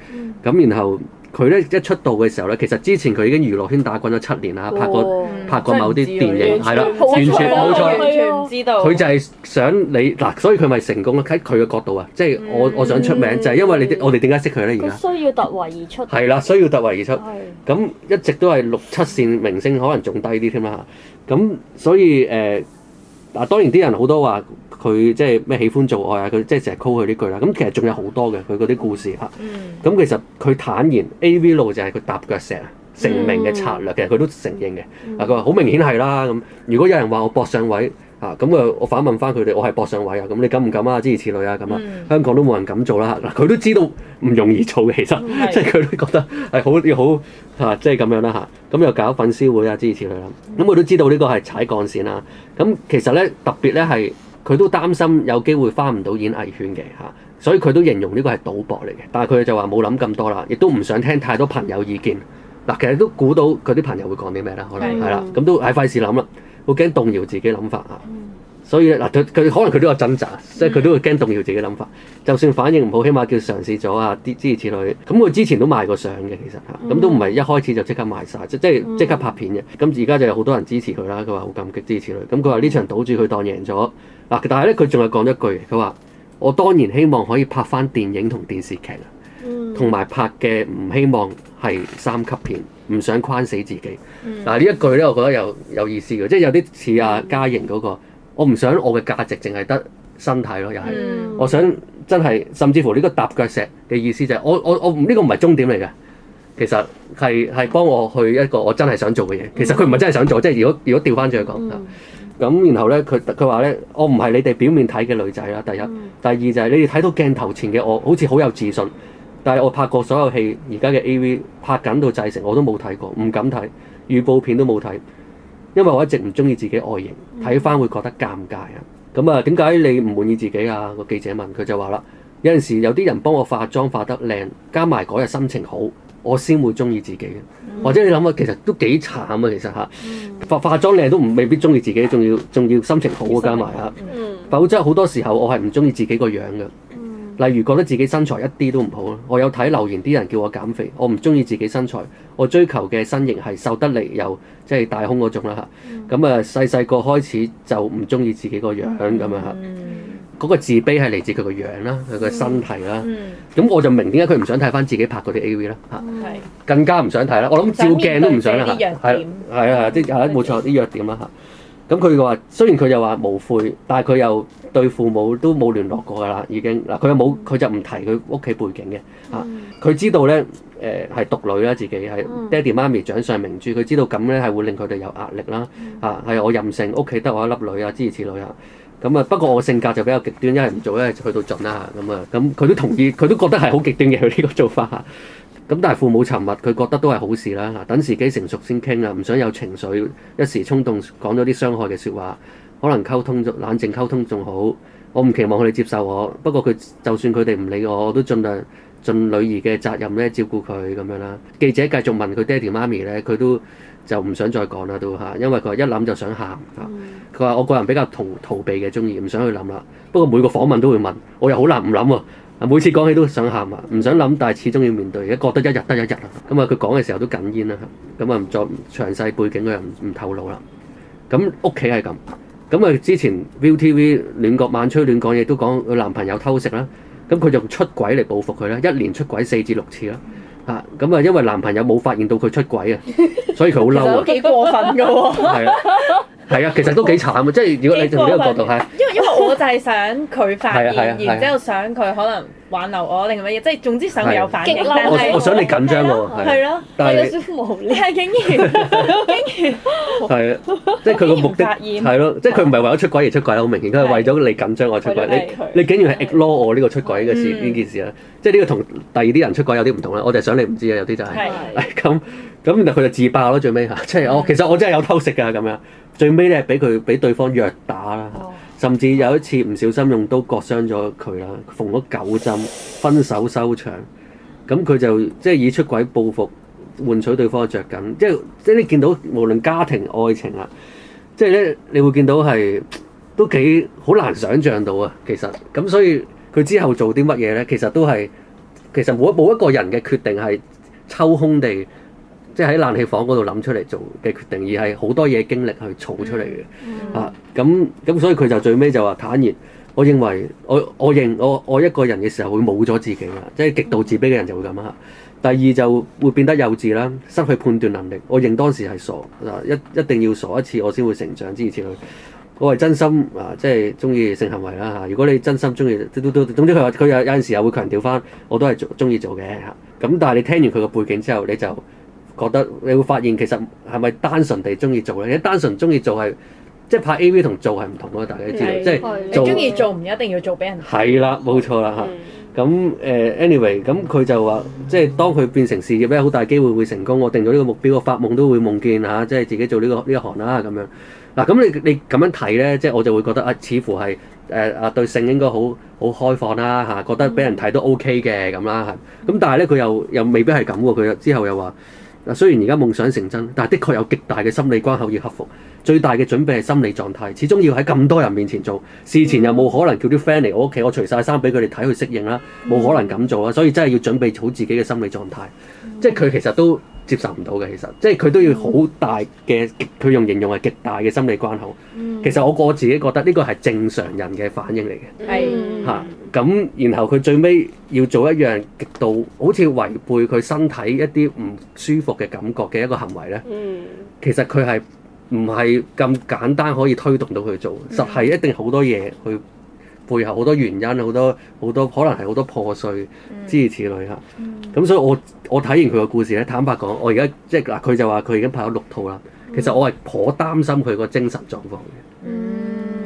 咁然後。佢咧一出道嘅時候咧，其實之前佢已經娛樂圈打滾咗七年啦，拍過拍過某啲電影係啦，完全冇錯，完全唔知道。佢就係想你嗱，所以佢咪成功咯？喺佢嘅角度啊，即係我、嗯、我想出名就係因為你我哋點解識佢咧？而家需要突圍而出。係啦，需要突圍而出。咁一直都係六七線明星，可能仲低啲添啦。咁所以誒，嗱、呃、當然啲人好多話。佢即係咩喜歡做愛啊？佢即係成日 call 佢呢句啦。咁其實仲有好多嘅佢嗰啲故事啊。咁、嗯嗯、其實佢坦然 A.V. 路就係佢踏腳石成名嘅策略嘅，佢都承認嘅。啊，佢話好明顯係啦。咁如果有人話我搏上位啊，咁啊，我反問翻佢哋，我係搏上位啊。咁你敢唔敢啊？諸如此類啊，咁啊，香港都冇人敢做啦。佢都知道唔容易做嘅，其實即係佢都覺得係好好啊，即係咁樣啦嚇。咁又搞粉絲會啊，諸如此類啦。咁佢都知道呢個係踩鋼線啦。咁其實咧特別咧係。佢都擔心有機會翻唔到演藝圈嘅嚇、啊，所以佢都形容呢個係賭博嚟嘅。但係佢就話冇諗咁多啦，亦都唔想聽太多朋友意見。嗱、啊，其實都估到佢啲朋友會講啲咩啦，可能係啦，咁都係費事諗啦，好驚的動搖自己諗法嚇。的所以嗱佢佢可能佢都有掙扎，即係佢都會驚動搖自己諗法。就算反應唔好，起碼叫嘗試咗啊啲支持佢。咁佢之前都賣過相嘅，其實嚇，咁、啊、都唔係一開始就即刻賣晒，即即係即刻拍片嘅。咁而家就有好多人支持佢啦，佢話好感激支持佢。咁佢話呢場賭注佢當贏咗。但係咧，佢仲係講一句，佢話：我當然希望可以拍翻電影同電視劇，同埋、嗯、拍嘅唔希望係三級片，唔想框死自己。嗱呢、嗯、一句咧，我覺得又有，有意思嘅，即、就、係、是、有啲似阿嘉瑩嘉盈嗰、那個，嗯、我唔想我嘅價值淨係得身體咯，又係，嗯、我想真係甚至乎呢個踏腳石嘅意思就係、是，我我我呢、這個唔係終點嚟嘅，其實係係幫我去一個我真係想做嘅嘢。嗯、其實佢唔係真係想做，即係如果如果，如果調翻轉講。嗯咁然後咧，佢佢話咧，我唔係你哋表面睇嘅女仔啦。第一，第二就係、是、你哋睇到鏡頭前嘅我，好似好有自信，但係我拍過所有戲，而家嘅 AV 拍緊到製成我都冇睇過，唔敢睇預告片都冇睇，因為我一直唔中意自己外形，睇翻會覺得尷尬啊。咁啊，點解你唔滿意自己啊？個記者問佢就話啦，有陣時有啲人幫我化妝化得靚，加埋嗰日心情好。我先會中意自己嘅，或者你諗下，其實都幾慘啊，其實嚇化化妝你都唔未必中意自己，仲要仲要心情好加埋嚇，嗯、否則好多時候我係唔中意自己個樣嘅。例如覺得自己身材一啲都唔好咯，我有睇留言啲人叫我減肥，我唔中意自己身材，我追求嘅身形係瘦得嚟又即係大胸嗰種啦嚇。咁啊細細個開始就唔中意自己個樣咁啊嚇。嗯嗰個自卑係嚟自佢個樣啦，佢個身體啦。咁、嗯嗯、我就明點解佢唔想睇翻自己拍嗰啲 AV 啦。嚇，更加唔想睇啦。我諗照鏡都唔想啦。係啊、嗯，係、嗯、啊，即係冇錯，啲弱點啦。嚇，咁佢話雖然佢又話無悔，但係佢又對父母都冇聯絡過㗎啦。已經嗱，佢又冇，佢就唔提佢屋企背景嘅。嚇、嗯，佢知道咧，誒係獨女啦，自己係爹哋媽咪掌上明珠。佢知道咁咧係會令佢哋有壓力啦。嚇、嗯，係、嗯、我任性，屋企得我一粒女啊，支持此女啊。咁啊，不過我性格就比較極端，一係唔做，一係去到盡啦。咁啊，咁佢都同意，佢都覺得係好極端嘅佢呢個做法。咁但係父母沉默，佢覺得都係好事啦。等時機成熟先傾啊，唔想有情緒，一時衝動講咗啲傷害嘅説話，可能溝通，冷靜溝通仲好。我唔期望佢哋接受我，不過佢就算佢哋唔理我，我都盡量盡女兒嘅責任咧照顧佢咁樣啦。記者繼續問佢爹哋媽咪咧，佢都。就唔想再講啦，都嚇，因為佢話一諗就想喊。佢話我個人比較逃逃避嘅鍾意，唔想去諗啦。不過每個訪問都會問，我又好難唔諗喎。每次講起都想喊啊，唔想諗，但係始終要面對。而家覺得一日得一日啊。咁啊，佢講嘅時候都哽咽啦。咁啊，唔再詳細背景佢又唔透露啦。咁屋企係咁。咁啊，之前 ViuTV 亂角晚吹亂講嘢，都講佢男朋友偷食啦。咁佢仲出軌嚟報復佢咧，一年出軌四至六次啦。咁啊，因為男朋友冇發現到佢出軌啊，所以佢好嬲，都幾過分㗎喎，啊！ *laughs* *laughs* *laughs* 係啊，其實都幾慘啊，即係如果你從呢個角度係，因為因為我就係想佢發現，然之後想佢可能挽留我定係乜嘢，即係總之想佢有反應。我想我想你緊張我，係咯，有少少無聊。係竟然竟然係啊，即係佢個目的係咯，即係佢唔係為咗出軌而出軌，好明顯，佢係為咗你緊張我出軌。你你竟然係 ignore 我呢個出軌嘅事呢件事啊！即係呢個同第二啲人出軌有啲唔同啦。我就係想你唔知啊，有啲就係咁。咁然後佢就自爆咯，最尾嚇，即係我其實我真係有偷食嘅咁樣。最尾咧，俾佢俾對方虐打啦，哦、甚至有一次唔小心用刀割傷咗佢啦，縫咗九針，分手收場。咁佢就即係以出軌報復換取對方嘅着緊，即係即係你見到無論家庭愛情啊，即係咧你會見到係都幾好難想像到啊。其實咁所以佢之後做啲乜嘢咧，其實都係其實冇冇一,一個人嘅決定係抽空地。即係喺冷氣房嗰度諗出嚟做嘅決定，而係好多嘢經歷去儲出嚟嘅、嗯、啊。咁咁，所以佢就最尾就話坦然。我認為我我認我我一個人嘅時候會冇咗自己啦，即係極度自卑嘅人就會咁啊。第二就會變得幼稚啦，失去判斷能力。我認當時係傻、啊、一一定要傻一次，我先會成長之前之類。我係真心啊，即係中意性行為啦嚇、啊。如果你真心中意都都，總之佢話佢有有陣時候會強調翻，我都係做中意做嘅嚇。咁、啊、但係你聽完佢個背景之後，你就。覺得你會發現其實係咪單純地鍾意做咧？你單純鍾意做係即係拍 A.V. 同做係唔同咯。大家都知道，是的 嗯、即係鍾意做唔一定要做俾人睇係啦，冇錯啦嚇。咁誒，anyway，咁佢就話即係當佢變成事業咧，好大機會會成功。我定咗呢個目標，我發夢都會夢見嚇，即係自己做呢個呢一行啦咁樣嗱。咁你你咁樣睇咧，即係我就會覺得啊，似乎係誒啊對性應該好好開放啦嚇、啊，覺得俾人睇都 O.K. 嘅咁啦，咁。但係咧，佢又又未必係咁喎。佢之後又話。雖然而家夢想成真，但係的確有極大嘅心理關口要克服。最大嘅準備係心理狀態，始終要喺咁多人面前做。事前又冇可能叫啲 friend 嚟我屋企，我除晒衫俾佢哋睇去適應啦，冇可能咁做啊！所以真係要準備好自己嘅心理狀態，即係佢其實都。接受唔到嘅，其實即係佢都要好大嘅，佢用形容係極大嘅心理關口。嗯、其實我個自己覺得呢個係正常人嘅反應嚟嘅。係嚇咁，啊、然後佢最尾要做一樣極度好似違背佢身體一啲唔舒服嘅感覺嘅一個行為咧。嗯、其實佢係唔係咁簡單可以推動到佢做，實係一定好多嘢去。配合好多原因，好多好多可能係好多破碎之如此類啦。咁、嗯、所以我我睇完佢個故事咧，坦白講，我而家即係嗱，佢、啊、就話佢已經拍咗六套啦。其實我係頗擔心佢個精神狀況嘅，嗯、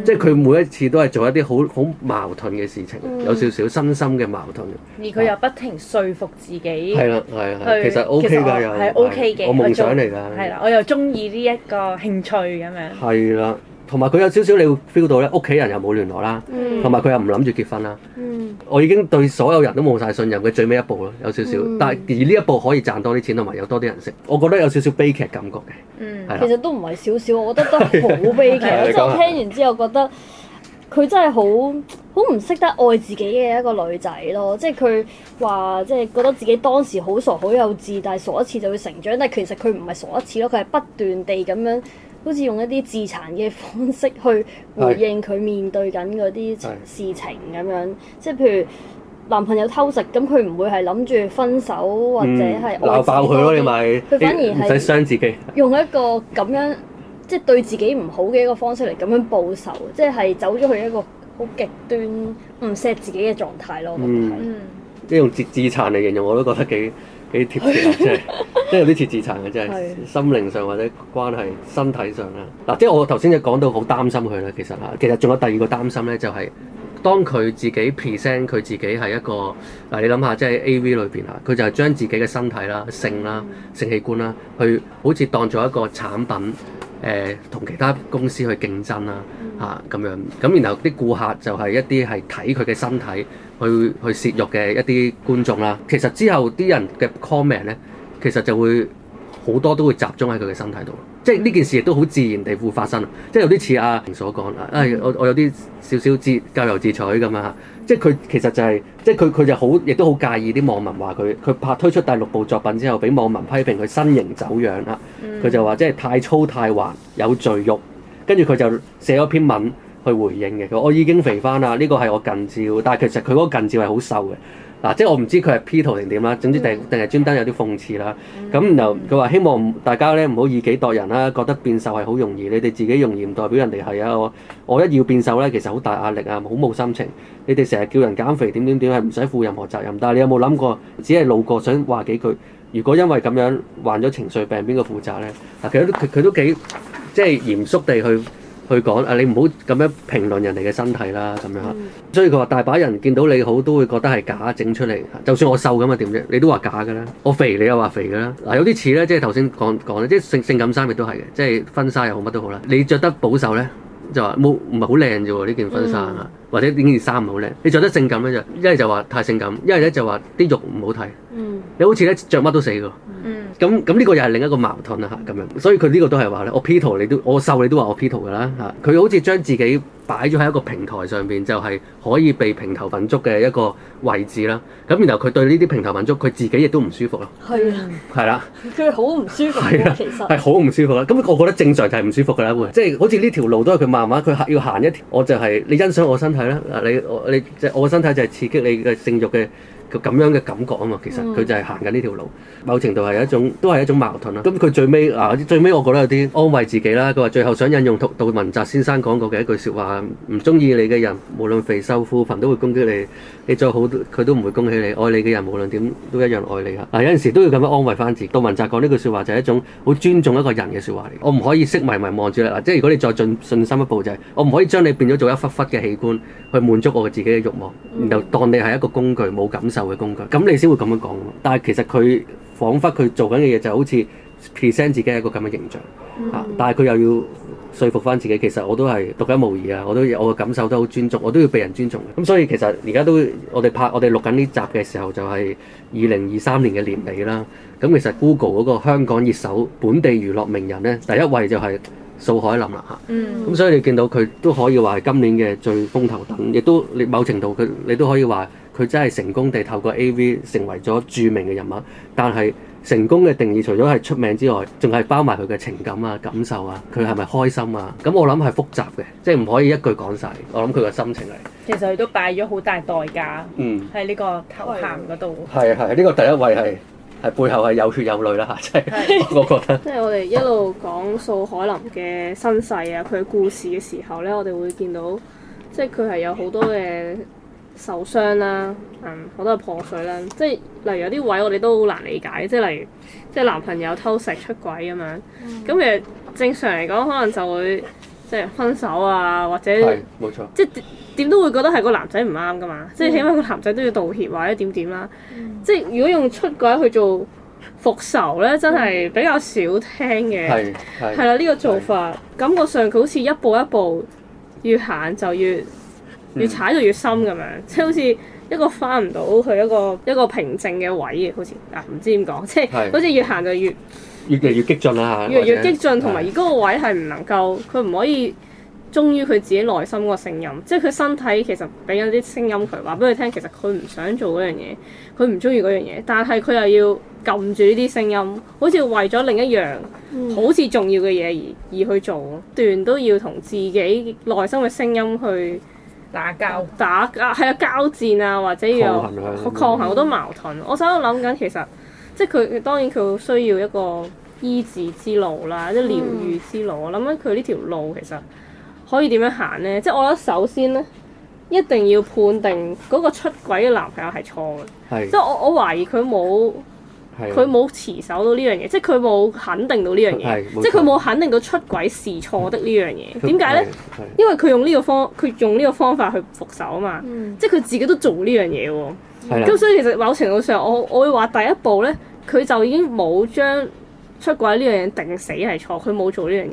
即係佢每一次都係做一啲好好矛盾嘅事情，嗯、有少少身心嘅矛盾。而佢又不停説服自己，係、嗯、啦係啦，啦，其實 OK 㗎又、OK，我夢想嚟㗎，係啦，我又中意呢一個興趣咁樣。係啦。同埋佢有少少你會 feel 到咧，屋企人又冇聯絡啦，同埋佢又唔諗住結婚啦。嗯、我已經對所有人都冇晒信任，佢最尾一步咯，有少少。嗯、但係而呢一步可以賺多啲錢，同埋有多啲人識，我覺得有少少悲劇感覺嘅。嗯、的其實都唔係少少，我覺得都係好悲劇。的我聽完之後覺得佢 *laughs* 真係好好唔識得愛自己嘅一個女仔咯。即係佢話即係覺得自己當時好傻好幼稚，但係傻一次就會成長。但係其實佢唔係傻一次咯，佢係不斷地咁樣。好似用一啲自殘嘅方式去回應佢是面對緊嗰啲事情咁是樣，即係譬如男朋友偷食，咁佢唔會係諗住分手、嗯、或者係鬧爆佢咯，你咪佢反而唔使傷自己，用一個咁樣即係對自己唔好嘅一個方式嚟咁樣報仇，即係、嗯、 *laughs* 走咗去一個好極端唔錫自己嘅狀態咯。我覺得嗯，即係用自自殘嚟形容我都覺得幾。幾貼切啊！真係， *laughs* *laughs* 真係有啲似自殘嘅，真係心靈上或者關係身體上啦。嗱、 *noise* 啊，即係我頭先就講到好擔心佢啦。其實啊，其實仲有第二個擔心咧，就係、是、當佢自己 present 佢自己係一個嗱、啊，你諗下，即係 AV 裏邊啊，佢就係將自己嘅身體啦、性啦、性器官啦，去好似當作一個產品誒，同、呃、其他公司去競爭啦嚇咁樣。咁然後啲顧客就係一啲係睇佢嘅身體。去去洩慾嘅一啲觀眾啦，其實之後啲人嘅 comment 咧，其實就會好多都會集中喺佢嘅身體度，即係呢件事亦都好自然地會發生，即係有啲似阿平所講啦，唉、哎，我我有啲少少自咎由自取咁啊，即係佢其實就係、是、即係佢佢就好，亦都好介意啲網民話佢，佢拍推出第六部作品之後，俾網民批評佢身形走樣啊，佢、嗯、就話即係太粗太橫有贅肉，跟住佢就寫咗篇文。去回應嘅佢，我已經肥返啦。呢、這個係我近照，但係其實佢嗰近照係好瘦嘅。嗱、啊，即係我唔知佢係 P 圖定點啦。總之定定係專登有啲諷刺啦。咁、啊、然後佢話希望大家咧唔好以己度人啦，覺得變瘦係好容易，你哋自己容易唔代表人哋係啊。我我一要變瘦咧，其實好大壓力啊，好冇心情。你哋成日叫人減肥點點點，係唔使負任何責任。但係你有冇諗過，只係路過想話幾句？如果因為咁樣患咗情緒病，邊個負責咧？嗱、啊，其實佢佢都幾即係嚴肅地去。去講啊！你唔好咁樣評論人哋嘅身體啦，咁樣吓。嗯、所以佢話大把人見到你好都會覺得係假整出嚟。就算我瘦咁啊，點啫？你都話假㗎啦。我肥，你又話肥㗎啦。嗱，有啲似咧，即係頭先講講嘅，即係性性感衫亦都係嘅，即係婚紗又好，乜都好啦。你着得保守咧。就話冇唔係好靚啫喎，呢件婚紗、mm. 或者呢件衫唔好靚，你着得性感咧就，一係就話太性感，一係咧就話啲肉唔好睇。嗯，mm. 你好似咧着乜都死喎。嗯、mm.，咁咁呢個又係另一個矛盾啦嚇，咁樣，所以佢呢個都係話咧，我 P 圖你都，我瘦你都話我 P 圖㗎啦嚇，佢好似將自己。擺咗喺一個平台上邊，就係、是、可以被評頭品足嘅一個位置啦。咁然後佢對呢啲評頭品足，佢自己亦都唔舒服咯。係啊的，係啦的，佢好唔舒服啊，的其實係好唔舒服啦。咁我覺得正常就係唔舒服㗎啦，會即係好似呢條路都係佢慢慢佢要行一條，我就係、是、你欣賞我身體啦。嗱，你我你即係我身體就係刺激你嘅性慾嘅。個咁樣嘅感覺啊嘛，其實佢就係行緊呢條路，某程度係一種都係一種矛盾啦。咁佢最尾啊，最尾我覺得有啲安慰自己啦。佢話最後想引用杜汶澤先生講過嘅一句説話：唔中意你嘅人，無論肥瘦富貧都會攻擊你；你再好，佢都唔會恭喜你。愛你嘅人，無論點都一樣愛你啊！嗱，有陣時都要咁樣安慰翻自己。杜汶澤講呢句説話就係一種好尊重一個人嘅説話嚟。我唔可以色迷迷望住你啦，即係如果你再進信心一步，就係我唔可以將你變咗做一忽忽嘅器官去滿足我嘅自己嘅慾望，就當你係一個工具，冇感受嘅工具，咁你先會咁樣講。但係其實佢彷彿佢做緊嘅嘢就好似 present 自己一個咁嘅形象嚇、mm hmm. 啊，但係佢又要說服翻自己，其實我都係獨一無二啊！我都我嘅感受都好尊重，我都要被人尊重嘅。咁所以其實而家都我哋拍我哋錄緊呢集嘅時候，就係二零二三年嘅年尾啦。咁其實 Google 嗰個香港熱搜本地娛樂名人呢，第一位就係素海霖啦嚇。咁、mm hmm. 啊、所以你見到佢都可以話係今年嘅最風頭躉，亦都你某程度佢你都可以話。佢真係成功地透過 AV 成為咗著名嘅人物，但係成功嘅定義除咗係出名之外，仲係包埋佢嘅情感啊、感受啊，佢係咪開心啊？咁我諗係複雜嘅，即係唔可以一句講晒。我諗佢個心情、啊、嚟。嗯、其實佢都敗咗好大代價，嗯，喺呢個行嗰度。係啊係，呢、這個第一位係係背後係有血有淚啦吓，真、就、係、是、 *laughs* 我覺得。 *laughs* 即係我哋一路講素海霖嘅身世啊，佢嘅故事嘅時候呢，我哋會見到即係佢係有好多嘅。受傷啦，嗯，好多係破水啦，即係例如有啲位我哋都好難理解，即係例如即係男朋友偷食出軌咁樣，咁其實正常嚟講可能就會即係分手啊，或者冇錯，即係點都會覺得係個男仔唔啱噶嘛，即係起碼個男仔都要道歉或者點點啦，即係如果用出軌去做復仇咧，真係比較少聽嘅，係係啦，呢個做法感覺上佢好似一步一步越行就越，越踩就越深咁樣，即係好似一個翻唔到佢一個一個平靜嘅位嘅，好似啊唔知點講，即係好似越行就越越嚟越，越激進啦越嚟或者越激進，同埋而嗰個位係唔能夠，佢唔可以忠於佢自己內心個聲音，即係佢身體其實俾咗啲聲音佢話俾佢聽，其實佢唔想做嗰樣嘢，佢唔中意嗰樣嘢，但係佢又要撳住呢啲聲音，好似為咗另一樣好似重要嘅嘢而而去做，段都要同自己內心嘅聲音去。打交，打交係啊，啊，交戰啊，或者要抗衡好多矛盾。嗯、我喺度諗緊，其實即係佢當然佢需要一個醫治之路啦，即係療愈之路。嗯、我諗緊，佢呢條路其實可以點樣行呢？即係我覺得首先呢，一定要判定嗰個出軌嘅男朋友係錯嘅，即係我我懷疑佢冇。佢冇持守到呢樣嘢，即係佢冇肯定到呢樣嘢，即係佢冇肯定到出軌是錯的呢樣嘢。點解、嗯、呢？因為佢用呢個方，佢用呢個方法去復仇啊嘛。嗯、即係佢自己都做呢樣嘢喎。咁、嗯、所以其實某程度上我，我我會話第一步呢，佢就已經冇將出軌呢樣嘢定死係錯，佢冇做呢樣嘢。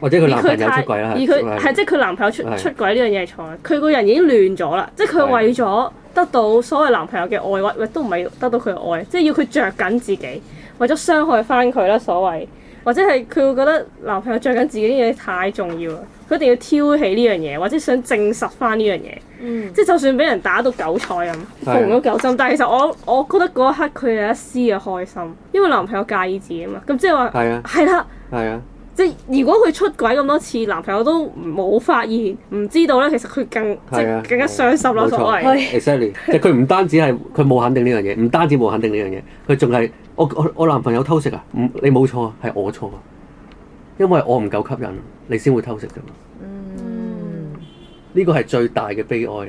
或者佢男，男朋友出軌而佢係即係佢男朋友出出軌呢樣嘢係錯，佢個人已經亂咗啦，即係佢為咗得到所謂男朋友嘅愛屈，亦都唔係得到佢嘅愛，即係要佢着緊自己，為咗傷害翻佢啦所謂，或者係佢會覺得男朋友着緊自己呢樣嘢太重要啦，佢一定要挑起呢樣嘢，或者想證實翻呢樣嘢，嗯、即係就算俾人打到九彩咁，縫咗九針，但係其實我我覺得嗰一刻佢有一絲嘅開心，因為男朋友介意自己嘛，咁即係話係啦，係啊。即係如果佢出軌咁多次，男朋友都冇發現，唔知道咧，其實佢更 *noise* 更加傷心咯。所謂即係佢唔單止係佢冇肯定呢樣嘢，唔單止冇肯定呢樣嘢，佢仲係我我我男朋友偷食啊？你冇錯，係我錯啊！因為我唔夠吸引，你先會偷食啫嘛。嗯，呢個係最大嘅悲哀嚟。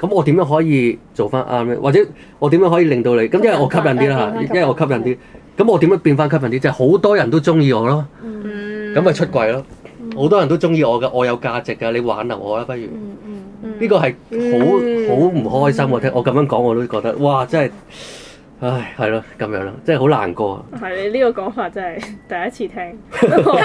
咁我點樣可以做翻啱咧？或者我點樣可以令到你？咁因為我吸引啲啦嚇，嗯、因為我吸引啲。咁、嗯、我點樣變翻吸引啲？即係好多人都中意我咯。咁咪出櫃咯！好多人都鍾意我㗎，我有價值㗎，你挽留我啦，不如？呢個係好好唔開心我聽，我咁樣講我都覺得，哇！真係～。唉，係咯，咁樣咯，即係好難過啊！係你呢個講法真係第一次聽， *laughs* *laughs* 多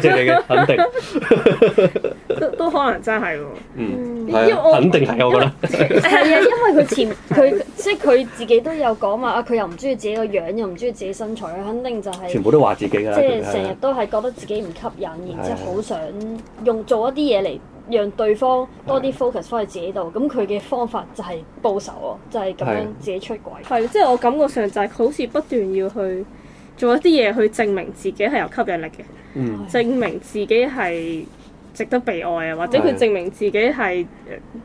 謝你嘅肯定 *laughs* 都，都可能真係喎、啊。嗯，肯定係為我覺得，係啊，因為佢 *laughs* 前佢即係佢自己都有講話，佢又唔中意自己個樣，又唔中意自己身材，佢肯定就係、是、全部都話自己嘅，即係成日都係覺得自己唔吸引，的然之後好想用做一啲嘢嚟。讓對方多啲 focus 翻喺自己度，咁佢嘅方法就係報仇囉，就係、係、咁樣自己出軌。係，即係我感覺上就係佢好似不斷要去做一啲嘢去證明自己係有吸引力嘅，嗯、證明自己係值得被愛啊，或者佢證明自己係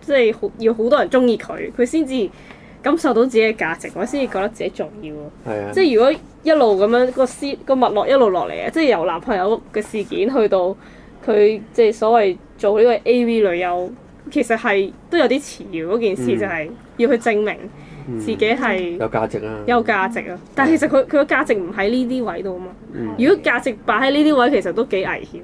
即係好要好多人中意佢，佢先至感受到自己嘅價值，或者先至覺得自己重要。係啊，即係如果一路咁樣個思個脈絡一路落嚟啊，即係由男朋友嘅事件去到。佢即係所謂做呢個 AV 女優，其實係都有啲似嘅嗰件事，就係要去證明自己係有價值啊、嗯，有價值啊。但係其實佢佢個價值唔喺呢啲位度啊嘛。如果價值擺喺呢啲位，其實都幾危險，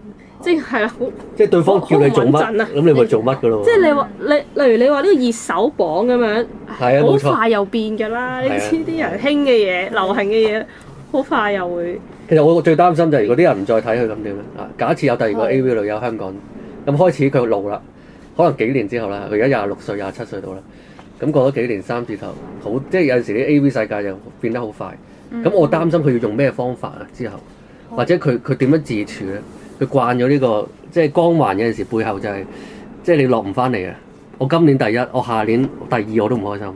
就是、即係係啦，即係對方叫你做乜，咁、嗯、你咪做乜㗎咯。即係你話你例如你話呢個熱搜榜咁樣，好快又變㗎啦。呢啲啲人興嘅嘢，流行嘅嘢。嗯嗯好快又、啊、會。其實我最擔心就係如果啲人唔再睇佢咁點咧？啊，假設有第二個 A.V. 女優香港咁、oh. 開始佢老啦，可能幾年之後啦，佢而家廿六歲、廿七歲到啦，咁過咗幾年三字頭，好即係有陣時啲 A.V. 世界又變得好快。咁、mm hmm. 我擔心佢要用咩方法啊？之後或者佢佢點樣自處咧？佢慣咗呢、呢個即係光環，有陣時背後就係、係、即係你落唔翻嚟啊！我今年第一，我下年第二我都唔開心。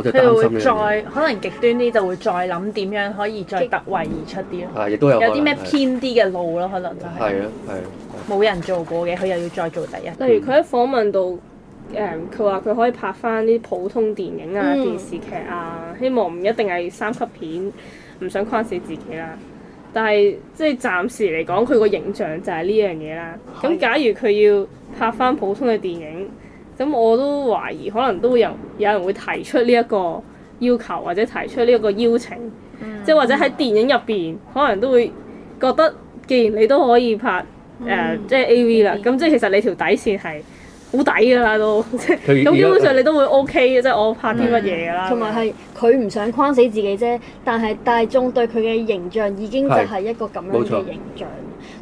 佢會再可能極端啲，就會再諗點樣可以再突圍而出啲咯。亦、嗯、都有。有啲咩偏啲嘅路咯，的可能就係、係。冇人做過嘅，佢又要再做第一。例如佢喺訪問度佢話佢可以拍翻啲普通電影啊、電視劇啊，嗯、希望唔一定係三級片，唔想框死自己啦。但係即係暫時嚟講，佢個形象就係呢樣嘢啦。咁的假如佢要拍翻普通嘅電影，咁我都懷疑，可能都會有有人會提出呢一個要求，或者提出呢一個邀請，嗯嗯、即係或者喺電影入邊，可能都會覺得，既然你都可以拍誒、呃，即係 AV 啦，咁、嗯、即係其實你條底線係。好抵㗎啦都，咁基本上你都會 OK 嘅，即係我拍啲乜嘢㗎啦。同埋係佢唔想框死自己啫，但係大眾對佢嘅形象已經就係一個咁樣嘅形象，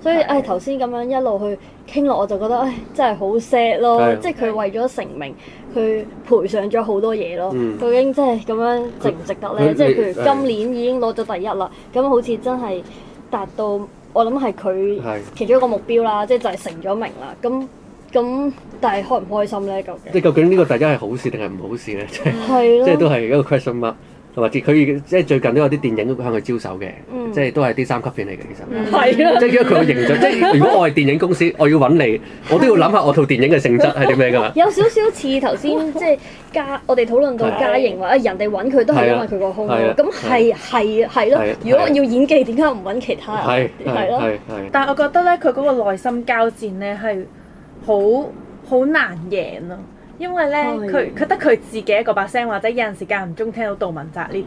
所以唉頭先咁樣一路去傾落，我就覺得唉真係好 sad 咯，即係佢為咗成名，佢賠上咗好多嘢咯。究竟即係咁樣值唔值得呢？即係譬如今年已經攞咗第一啦，咁好似真係達到我諗係佢其中一個目標啦，即係就係成咗名啦，咁。咁，但係開唔開心咧？究竟，即係究竟呢個大家係好事定係唔好事咧？即係即係都係一個 question mark，同埋即係佢即係最近都有啲電影都向佢招手嘅，即係都係啲三級片嚟嘅。其實係即係因為佢嘅形象，即係如果我係電影公司，我要揾你，我都要諗下我套電影嘅性質係點嘅。有少少似頭先即係嘉，我哋討論到嘉盈話：人哋揾佢都係因為佢個胸咯。咁係係係咯。如果要演技，點解唔揾其他人？係係咯。但係我覺得咧，佢嗰個內心交戰咧係。好好難贏咯、啊，因為咧，佢佢得佢自己一個把聲，或者有陣時間唔中聽到杜汶澤呢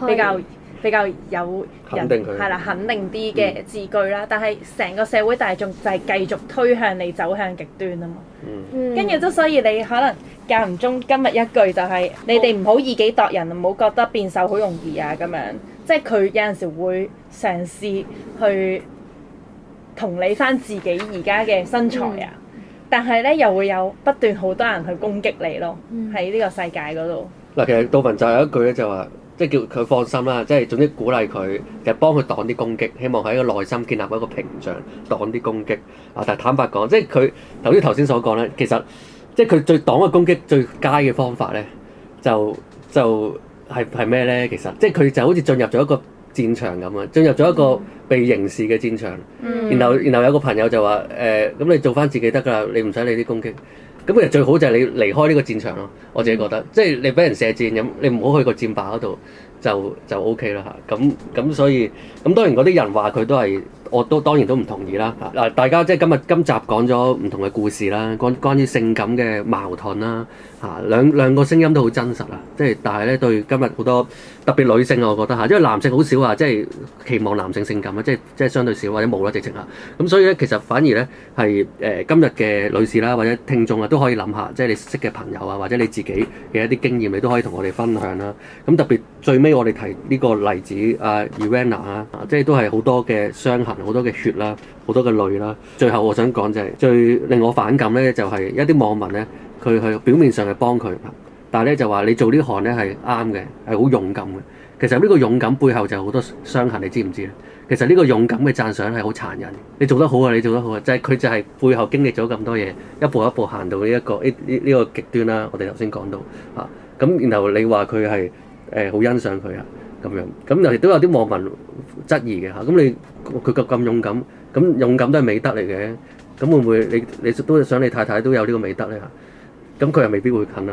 啲比較的比較有人係啦，肯定啲嘅字句啦。嗯、但係成個社會大眾就係繼續推向你走向極端啊嘛。跟住之所以你可能間唔中今日一句就係、是嗯、你哋唔好以己度人，唔好覺得變瘦好容易啊咁樣。即係佢有陣時會嘗試去同理翻自己而家嘅身材啊。嗯。但係咧，又會有不斷好多人去攻擊你咯，喺呢、嗯、個世界嗰度。嗱，其實杜文澤有一句咧，就話即係叫佢放心啦，即、就、係、是、總之鼓勵佢，就係、幫佢擋啲攻擊，希望喺個內心建立一個屏障，擋啲攻擊。啊，但係坦白講，即係佢頭先頭先所講咧，其實即係佢對擋嘅攻擊最佳嘅方法咧，就就係係咩咧？其實即係佢就好似進入咗一個。戰場咁啊，進入咗一個被凝視嘅戰場。嗯、然後，然後有個朋友就話：誒、呃，咁你做翻自己得㗎啦，你唔使理啲攻擊。咁其實最好就係你離開呢個戰場咯。我自己覺得，嗯、即係你俾人射箭咁，你唔好去個箭靶嗰度，就就 O K 啦嚇。咁咁所以，咁當然嗰啲人話佢都係。我都當然都唔同意啦。嗱，大家即係今日今集講咗唔同嘅故事啦，關關於性感嘅矛盾啦，嚇兩兩個聲音都好真實啊！即係但係咧對今日好多特別女性我覺得吓，因為男性好少啊，即係期望男性性感啊，即係即係相對少或者冇啦直情啊。咁所以咧，其實反而咧係誒今日嘅女士啦，或者聽眾啊，都可以諗下，即係你識嘅朋友啊，或者你自己嘅一啲經驗，你都可以同我哋分享啦。咁、啊、特別最尾我哋提呢個例子啊，Evelyn 啊，即係都係好多嘅傷痕。好多嘅血啦，好多嘅淚啦。最後我想講就係最令我反感呢，就係一啲網民呢，佢係表面上係幫佢，但係呢就話你做呢行呢係啱嘅，係好勇敢嘅。其實呢個勇敢背後就好多傷痕，你知唔知咧？其實呢個勇敢嘅讚賞係好殘忍。你做得好啊，你做得好啊，就係佢就係背後經歷咗咁多嘢，一步一步行到呢一個呢呢呢個極端啦。我哋頭先講到啊，咁然後你話佢係誒好欣賞佢啊，咁樣咁又亦都有啲網民。質疑嘅嚇，咁你佢咁勇敢，咁勇敢都係美德嚟嘅，咁會唔會你你都想你太太都有呢個美德咧嚇？咁佢又未必會近啦，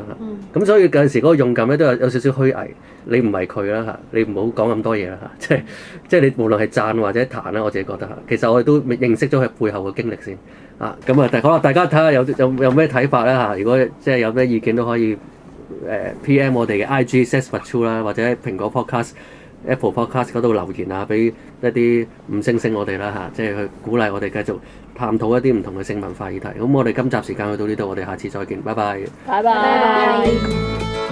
咁所以有陣時嗰個勇敢咧都有有少少虛偽。你唔係佢啦嚇，你唔好講咁多嘢啦嚇，即係即係你無論係讚或者彈啦，我自己覺得嚇，其實我哋都認識咗佢背後嘅經歷先啊。咁啊，好啦，大家睇下有有有咩睇法咧嚇，如果即係、就是、有咩意見都可以誒、呃、PM 我哋嘅 IG Says For Two 啦，或者蘋果 Podcast。Apple Podcast 嗰度留言啊，畀一啲五星星我哋啦吓，即係去鼓勵我哋繼續探討一啲唔同嘅性文化議題。咁我哋今集時間去到呢度，我哋下次再見，拜拜。拜拜。